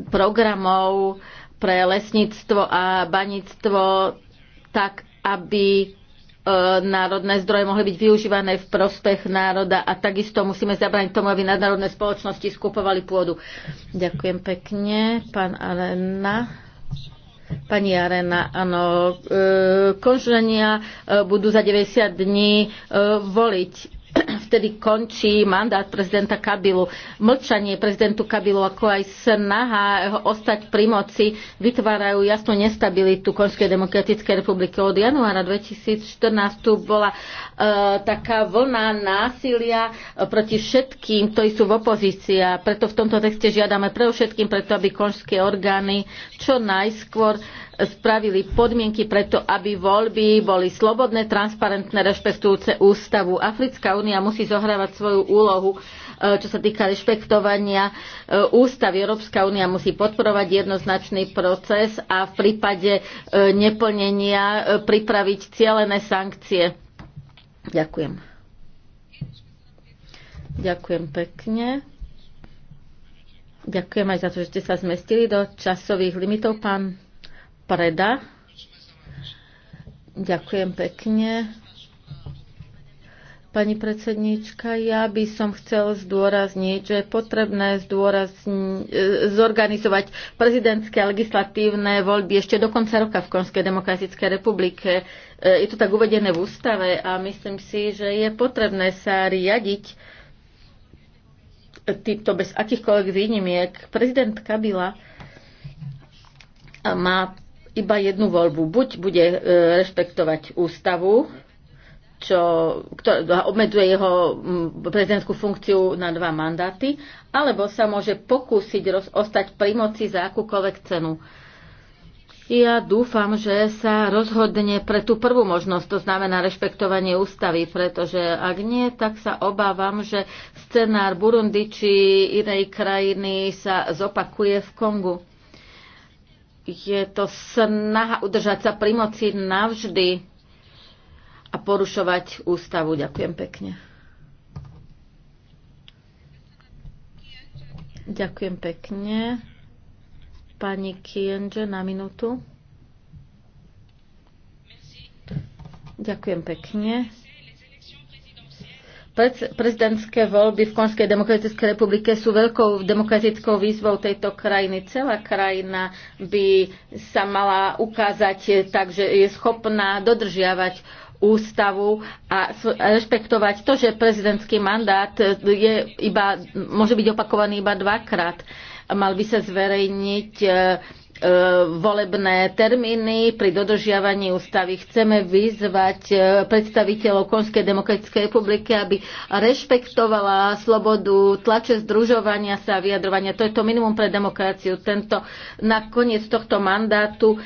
programov pre lesníctvo a baníctvo tak, aby e, národné zdroje mohli byť využívané v prospech národa a takisto musíme zabrániť tomu, aby nadnárodné spoločnosti skupovali pôdu. Ďakujem pekne, pán Arena. Pani Arena, áno, e, konžania e, budú za 90 dní e, voliť vtedy končí mandát prezidenta Kabilu. Mlčanie prezidentu Kabilu, ako aj snaha ostať pri moci, vytvárajú jasnú nestabilitu Konskej demokratickej republiky. Od januára 2014 tu bola uh, taká vlna násilia e, proti všetkým, ktorí sú v opozícii. A preto v tomto texte žiadame pre všetkým, preto aby konžské orgány čo najskôr spravili podmienky preto, aby voľby boli slobodné, transparentné, rešpektujúce ústavu. Africká únia musí zohrávať svoju úlohu, e, čo sa týka rešpektovania e, ústav. Európska únia musí podporovať jednoznačný proces a v prípade e, neplnenia pripraviť cielené sankcie. Ďakujem. Ďakujem pekne. Ďakujem aj za to, že ste sa zmestili do časových limitov, pán Preda. Ďakujem pekne. Pani predsednička, ja by som chcel zdôrazniť, že je potrebné e, zorganizovať prezidentské a legislatívne voľby ešte do konca roka v Konskej demokratickej republike. E, je to tak uvedené v ústave a myslím si, že je potrebné sa riadiť týmto bez akýchkoľvek výnimiek. Prezident Kabila má iba jednu voľbu. Buď bude e, rešpektovať ústavu, čo ktor, obmedzuje jeho prezidentskú funkciu na dva mandáty, alebo sa môže pokúsiť roz, ostať pri moci za akúkoľvek cenu. Ja dúfam, že sa rozhodne pre tú prvú možnosť, to znamená rešpektovanie ústavy, pretože ak nie, tak sa obávam, že scenár Burundi či inej krajiny sa zopakuje v Kongu je to snaha udržať sa pri moci navždy a porušovať ústavu. Ďakujem pekne. Ďakujem pekne. Pani Kienže na minútu. Ďakujem pekne prezidentské voľby v Konskej demokratickej republike sú veľkou demokratickou výzvou tejto krajiny. Celá krajina by sa mala ukázať tak, že je schopná dodržiavať ústavu a rešpektovať to, že prezidentský mandát je iba, môže byť opakovaný iba dvakrát. Mal by sa zverejniť e, E, volebné termíny pri dodržiavaní ústavy. Chceme vyzvať e, predstaviteľov Konskej demokratickej republiky, aby rešpektovala slobodu tlače združovania sa a vyjadrovania. To je to minimum pre demokraciu. Tento, na koniec tohto mandátu e,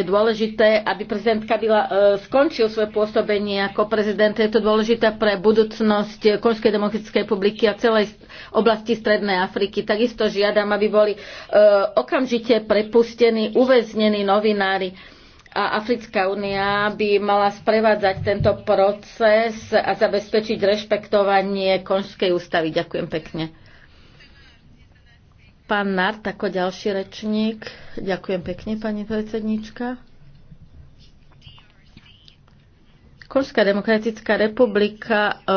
je dôležité, aby prezident Kabila skončil svoje pôsobenie ako prezident. Je to dôležité pre budúcnosť Konskej demokratickej republiky a celej oblasti Strednej Afriky. Takisto žiadam, aby boli okamžite pre vypustení, uväznení novinári a Africká únia by mala sprevádzať tento proces a zabezpečiť rešpektovanie Konžskej ústavy. Ďakujem pekne. Pán Nart, ako ďalší rečník. Ďakujem pekne, pani predsednička. Konžská demokratická republika e,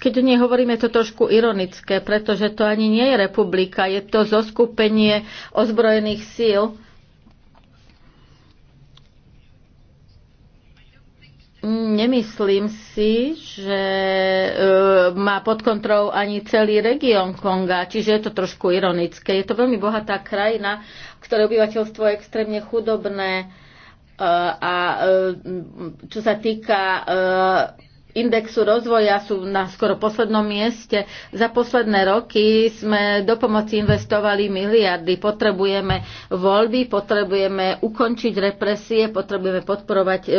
keď o nej hovoríme, je to trošku ironické, pretože to ani nie je republika, je to zoskupenie ozbrojených síl. Nemyslím si, že e, má pod kontrolou ani celý región Konga, čiže je to trošku ironické. Je to veľmi bohatá krajina, ktoré obyvateľstvo je extrémne chudobné e, a e, čo sa týka indexu rozvoja sú na skoro poslednom mieste. Za posledné roky sme do pomoci investovali miliardy. Potrebujeme voľby, potrebujeme ukončiť represie, potrebujeme podporovať e,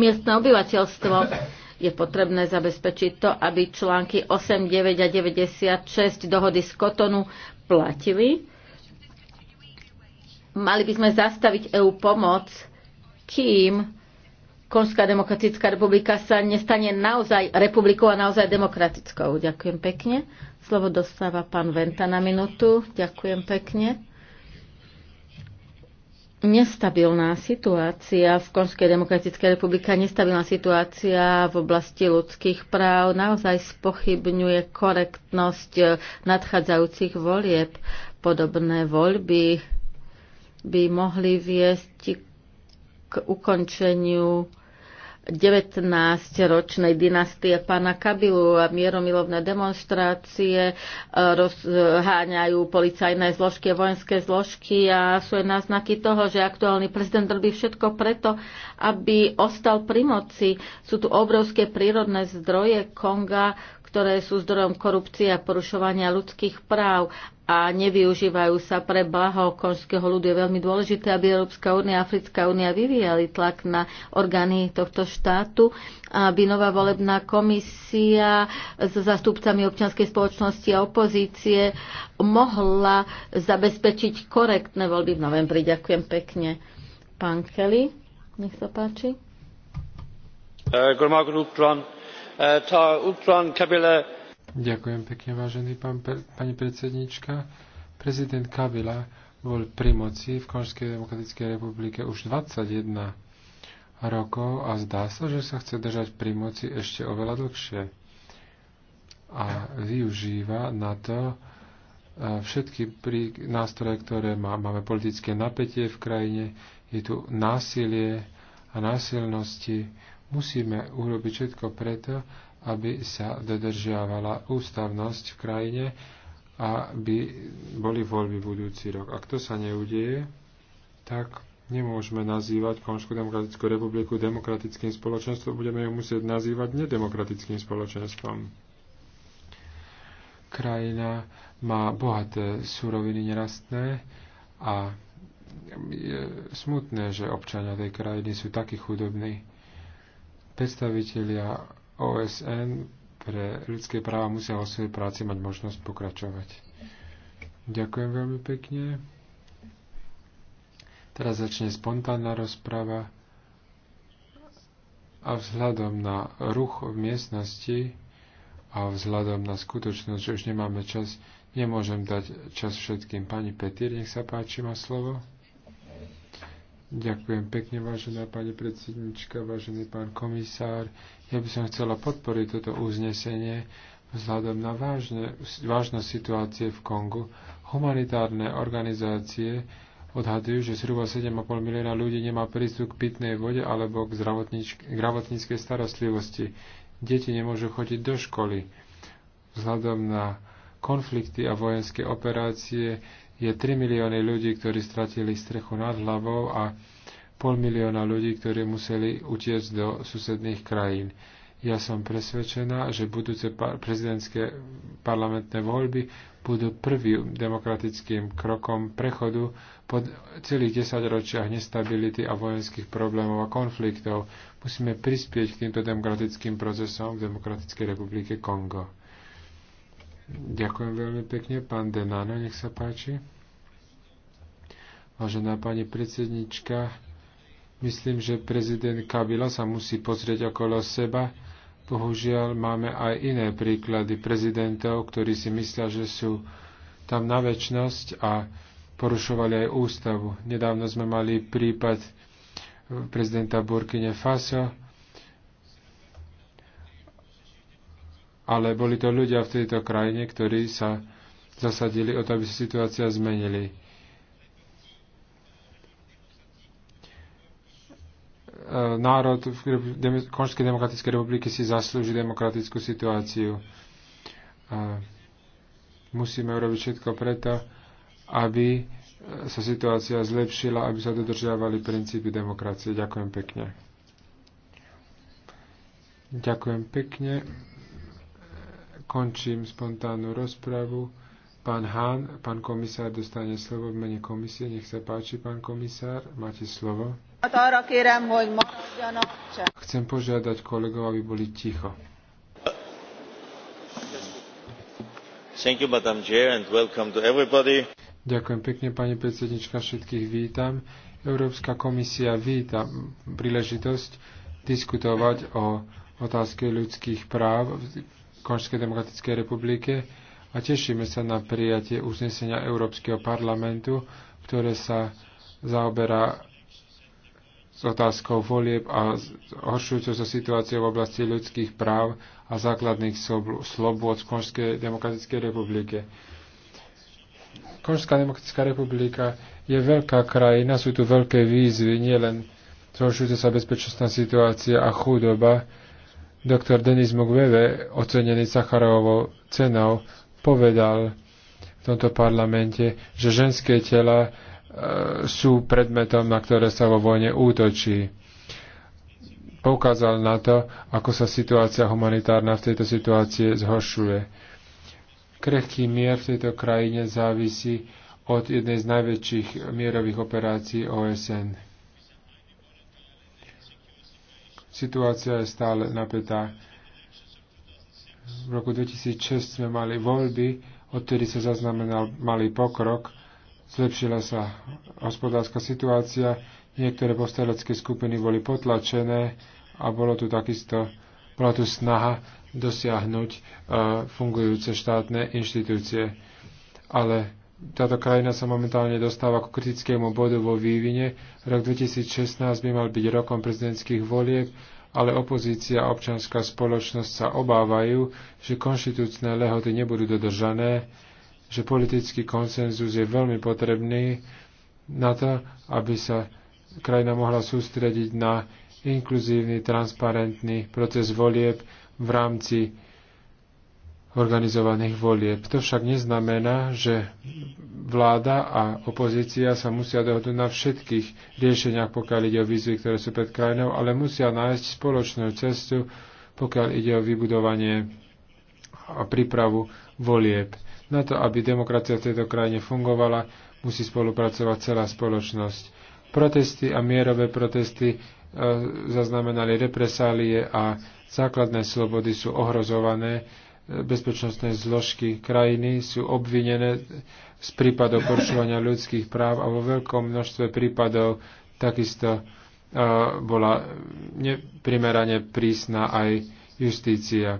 miestne obyvateľstvo. Je potrebné zabezpečiť to, aby články 8, 9 a 96 dohody z Kotonu platili. Mali by sme zastaviť EU pomoc, kým Konská demokratická republika sa nestane naozaj republikou a naozaj demokratickou. Ďakujem pekne. Slovo dostáva pán Venta na minútu. Ďakujem pekne. Nestabilná situácia v Konskej demokratickej republike, nestabilná situácia v oblasti ľudských práv naozaj spochybňuje korektnosť nadchádzajúcich volieb. Podobné voľby by mohli viesť k ukončeniu 19-ročnej dynastie pána Kabilu a mieromilovné demonstrácie e, rozháňajú policajné zložky a vojenské zložky a sú aj náznaky toho, že aktuálny prezident robí všetko preto, aby ostal pri moci. Sú tu obrovské prírodné zdroje Konga, ktoré sú zdrojom korupcie a porušovania ľudských práv a nevyužívajú sa pre blaho konžského ľudu. Je veľmi dôležité, aby Európska únia a Africká únia vyvíjali tlak na orgány tohto štátu, aby nová volebná komisia s zastupcami občianskej spoločnosti a opozície mohla zabezpečiť korektné voľby v novembri. Ďakujem pekne. Pán Kelly, nech sa páči. Uh, Ďakujem pekne, vážený pán, pani predsednička. Prezident Kabila bol pri moci v Konžskej demokratickej republike už 21 rokov a zdá sa, že sa chce držať pri moci ešte oveľa dlhšie. A využíva na to e, všetky prí, nástroje, ktoré má. Máme politické napätie v krajine, je tu násilie a násilnosti Musíme urobiť všetko preto, aby sa dodržiavala ústavnosť v krajine a aby boli voľby budúci rok. Ak to sa neudeje, tak nemôžeme nazývať Konšku demokratickú republiku demokratickým spoločenstvom, budeme ju musieť nazývať nedemokratickým spoločenstvom. Krajina má bohaté suroviny nerastné a je smutné, že občania tej krajiny sú takí chudobní. Predstavitelia OSN pre ľudské práva musia o svojej práci mať možnosť pokračovať. Ďakujem veľmi pekne. Teraz začne spontánna rozprava a vzhľadom na ruch v miestnosti a vzhľadom na skutočnosť, že už nemáme čas, nemôžem dať čas všetkým. Pani Petýr, nech sa páči, má slovo. Ďakujem pekne, vážená pani predsednička, vážený pán komisár. Ja by som chcela podporiť toto uznesenie vzhľadom na vážne, vážnosť situácie v Kongu. Humanitárne organizácie odhadujú, že zhruba 7,5 milióna ľudí nemá prístup k pitnej vode alebo k zdravotníckej starostlivosti. Deti nemôžu chodiť do školy. Vzhľadom na konflikty a vojenské operácie je 3 milióny ľudí, ktorí stratili strechu nad hlavou a pol milióna ľudí, ktorí museli utiecť do susedných krajín. Ja som presvedčená, že budúce par- prezidentské parlamentné voľby budú prvým demokratickým krokom prechodu po celých desaťročiach nestability a vojenských problémov a konfliktov. Musíme prispieť k týmto demokratickým procesom v Demokratickej republike Kongo. Ďakujem veľmi pekne. Pán Denano, nech sa páči. Vážená pani predsednička, myslím, že prezident Kabila sa musí pozrieť okolo seba. Bohužiaľ, máme aj iné príklady prezidentov, ktorí si myslia, že sú tam na väčnosť a porušovali aj ústavu. Nedávno sme mali prípad prezidenta Burkine Faso, ale boli to ľudia v tejto krajine, ktorí sa zasadili o to, aby sa situácia zmenili. E, národ v Konžskej demokratickej republiky si zaslúži demokratickú situáciu. Musíme urobiť všetko preto, aby e, sa situácia zlepšila, aby sa dodržiavali princípy demokracie. Ďakujem pekne. Ďakujem pekne. Končím spontánnu rozpravu. Pán Hán, pán komisár dostane slovo v mene komisie. Nech sa páči, pán komisár, máte slovo. Chcem požiadať kolegov, aby boli ticho. You, Ďakujem pekne, pani predsednička, všetkých vítam. Európska komisia víta príležitosť diskutovať o otázke ľudských práv v Konžskej demokratickej republike a tešíme sa na prijatie uznesenia Európskeho parlamentu, ktoré sa zaoberá s otázkou volieb a horšujúcou sa situáciou v oblasti ľudských práv a základných slobôd v Konžskej demokratickej republike. Konžská demokratická republika je veľká krajina, sú tu veľké výzvy, nielen zhoršujúca sa bezpečnostná situácia a chudoba, Doktor Denis Mukwege, ocenený Sacharovou cenou, povedal v tomto parlamente, že ženské tela e, sú predmetom, na ktoré sa vo vojne útočí. Poukázal na to, ako sa situácia humanitárna v tejto situácii zhoršuje. Krehký mier v tejto krajine závisí od jednej z najväčších mierových operácií OSN. Situácia je stále napätá. V roku 2006 sme mali voľby, odtedy sa zaznamenal malý pokrok, zlepšila sa hospodárska situácia, niektoré postelecké skupiny boli potlačené a bolo tu takisto bola tu snaha dosiahnuť uh, fungujúce štátne inštitúcie. Ale táto krajina sa momentálne dostáva k kritickému bodu vo vývine. Rok 2016 by mal byť rokom prezidentských volieb, ale opozícia a občanská spoločnosť sa obávajú, že konštitúcne lehoty nebudú dodržané, že politický konsenzus je veľmi potrebný na to, aby sa krajina mohla sústrediť na inkluzívny, transparentný proces volieb v rámci organizovaných volieb. To však neznamená, že vláda a opozícia sa musia dohodnúť na všetkých riešeniach, pokiaľ ide o výzvy, ktoré sú pred krajinou, ale musia nájsť spoločnú cestu, pokiaľ ide o vybudovanie a prípravu volieb. Na to, aby demokracia v tejto krajine fungovala, musí spolupracovať celá spoločnosť. Protesty a mierové protesty e, zaznamenali represálie a základné slobody sú ohrozované bezpečnostné zložky krajiny sú obvinené z prípadov porušovania ľudských práv a vo veľkom množstve prípadov takisto bola neprimerane prísna aj justícia.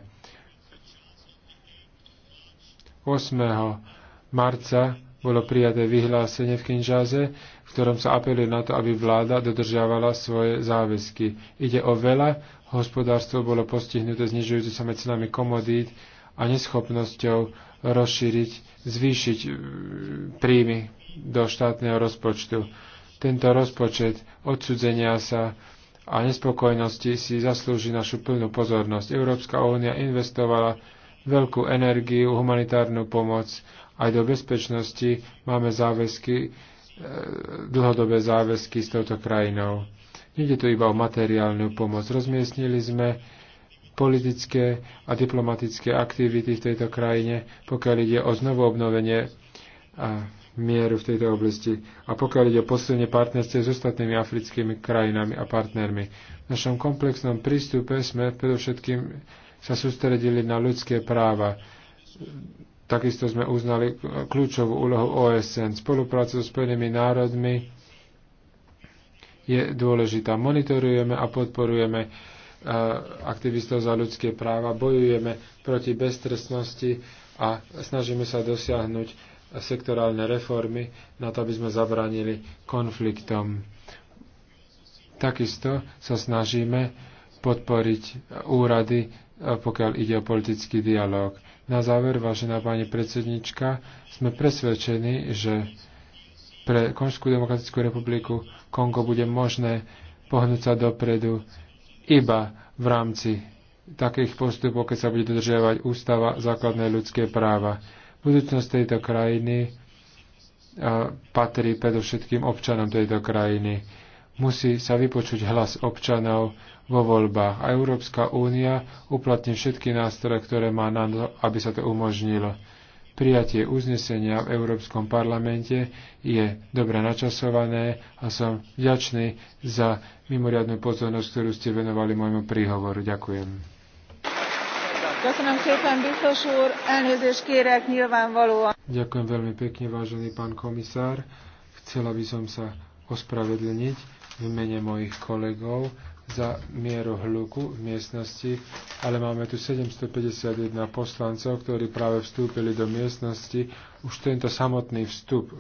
8. marca bolo prijaté vyhlásenie v Kinžáze, v ktorom sa apeluje na to, aby vláda dodržiavala svoje záväzky. Ide o veľa, hospodárstvo bolo postihnuté znižujúci sa cenami komodít, a neschopnosťou rozšíriť, zvýšiť e, príjmy do štátneho rozpočtu. Tento rozpočet odsudzenia sa a nespokojnosti si zaslúži našu plnú pozornosť. Európska únia investovala veľkú energiu, humanitárnu pomoc aj do bezpečnosti. Máme záväzky, e, dlhodobé záväzky s touto krajinou. Nede tu iba o materiálnu pomoc. Rozmiestnili sme politické a diplomatické aktivity v tejto krajine, pokiaľ ide o znovu obnovenie a mieru v tejto oblasti a pokiaľ ide o posilnenie partnerstiev s ostatnými africkými krajinami a partnermi. V našom komplexnom prístupe sme predovšetkým sa sústredili na ľudské práva. Takisto sme uznali kľúčovú úlohu OSN. Spolupráca so Spojenými národmi je dôležitá. Monitorujeme a podporujeme aktivistov za ľudské práva, bojujeme proti beztrestnosti a snažíme sa dosiahnuť sektorálne reformy na to, aby sme zabranili konfliktom. Takisto sa snažíme podporiť úrady, pokiaľ ide o politický dialog. Na záver, vážená pani predsednička, sme presvedčení, že pre Konžskú demokratickú republiku Kongo bude možné pohnúť sa dopredu iba v rámci takých postupov, keď sa bude dodržiavať ústava základné ľudské práva. Budúcnosť tejto krajiny patrí predovšetkým občanom tejto krajiny. Musí sa vypočuť hlas občanov vo voľbách. A Európska únia uplatní všetky nástroje, ktoré má na to, aby sa to umožnilo prijatie uznesenia v Európskom parlamente je dobre načasované a som vďačný za mimoriadnú pozornosť, ktorú ste venovali môjmu príhovoru. Ďakujem. Ďakujem veľmi pekne, vážený pán komisár. Chcela by som sa ospravedlniť v mene mojich kolegov, za mieru hluku v miestnosti, ale máme tu 751 poslancov, ktorí práve vstúpili do miestnosti. Už tento samotný vstup e,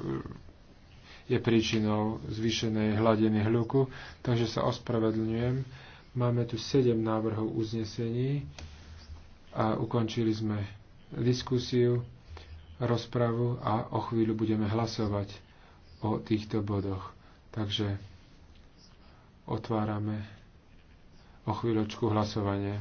je príčinou zvýšenej hladiny hluku, takže sa ospravedlňujem. Máme tu 7 návrhov uznesení a ukončili sme diskusiu, rozpravu a o chvíľu budeme hlasovať o týchto bodoch. Takže otvárame o chvíľočku hlasovanie.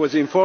was informed that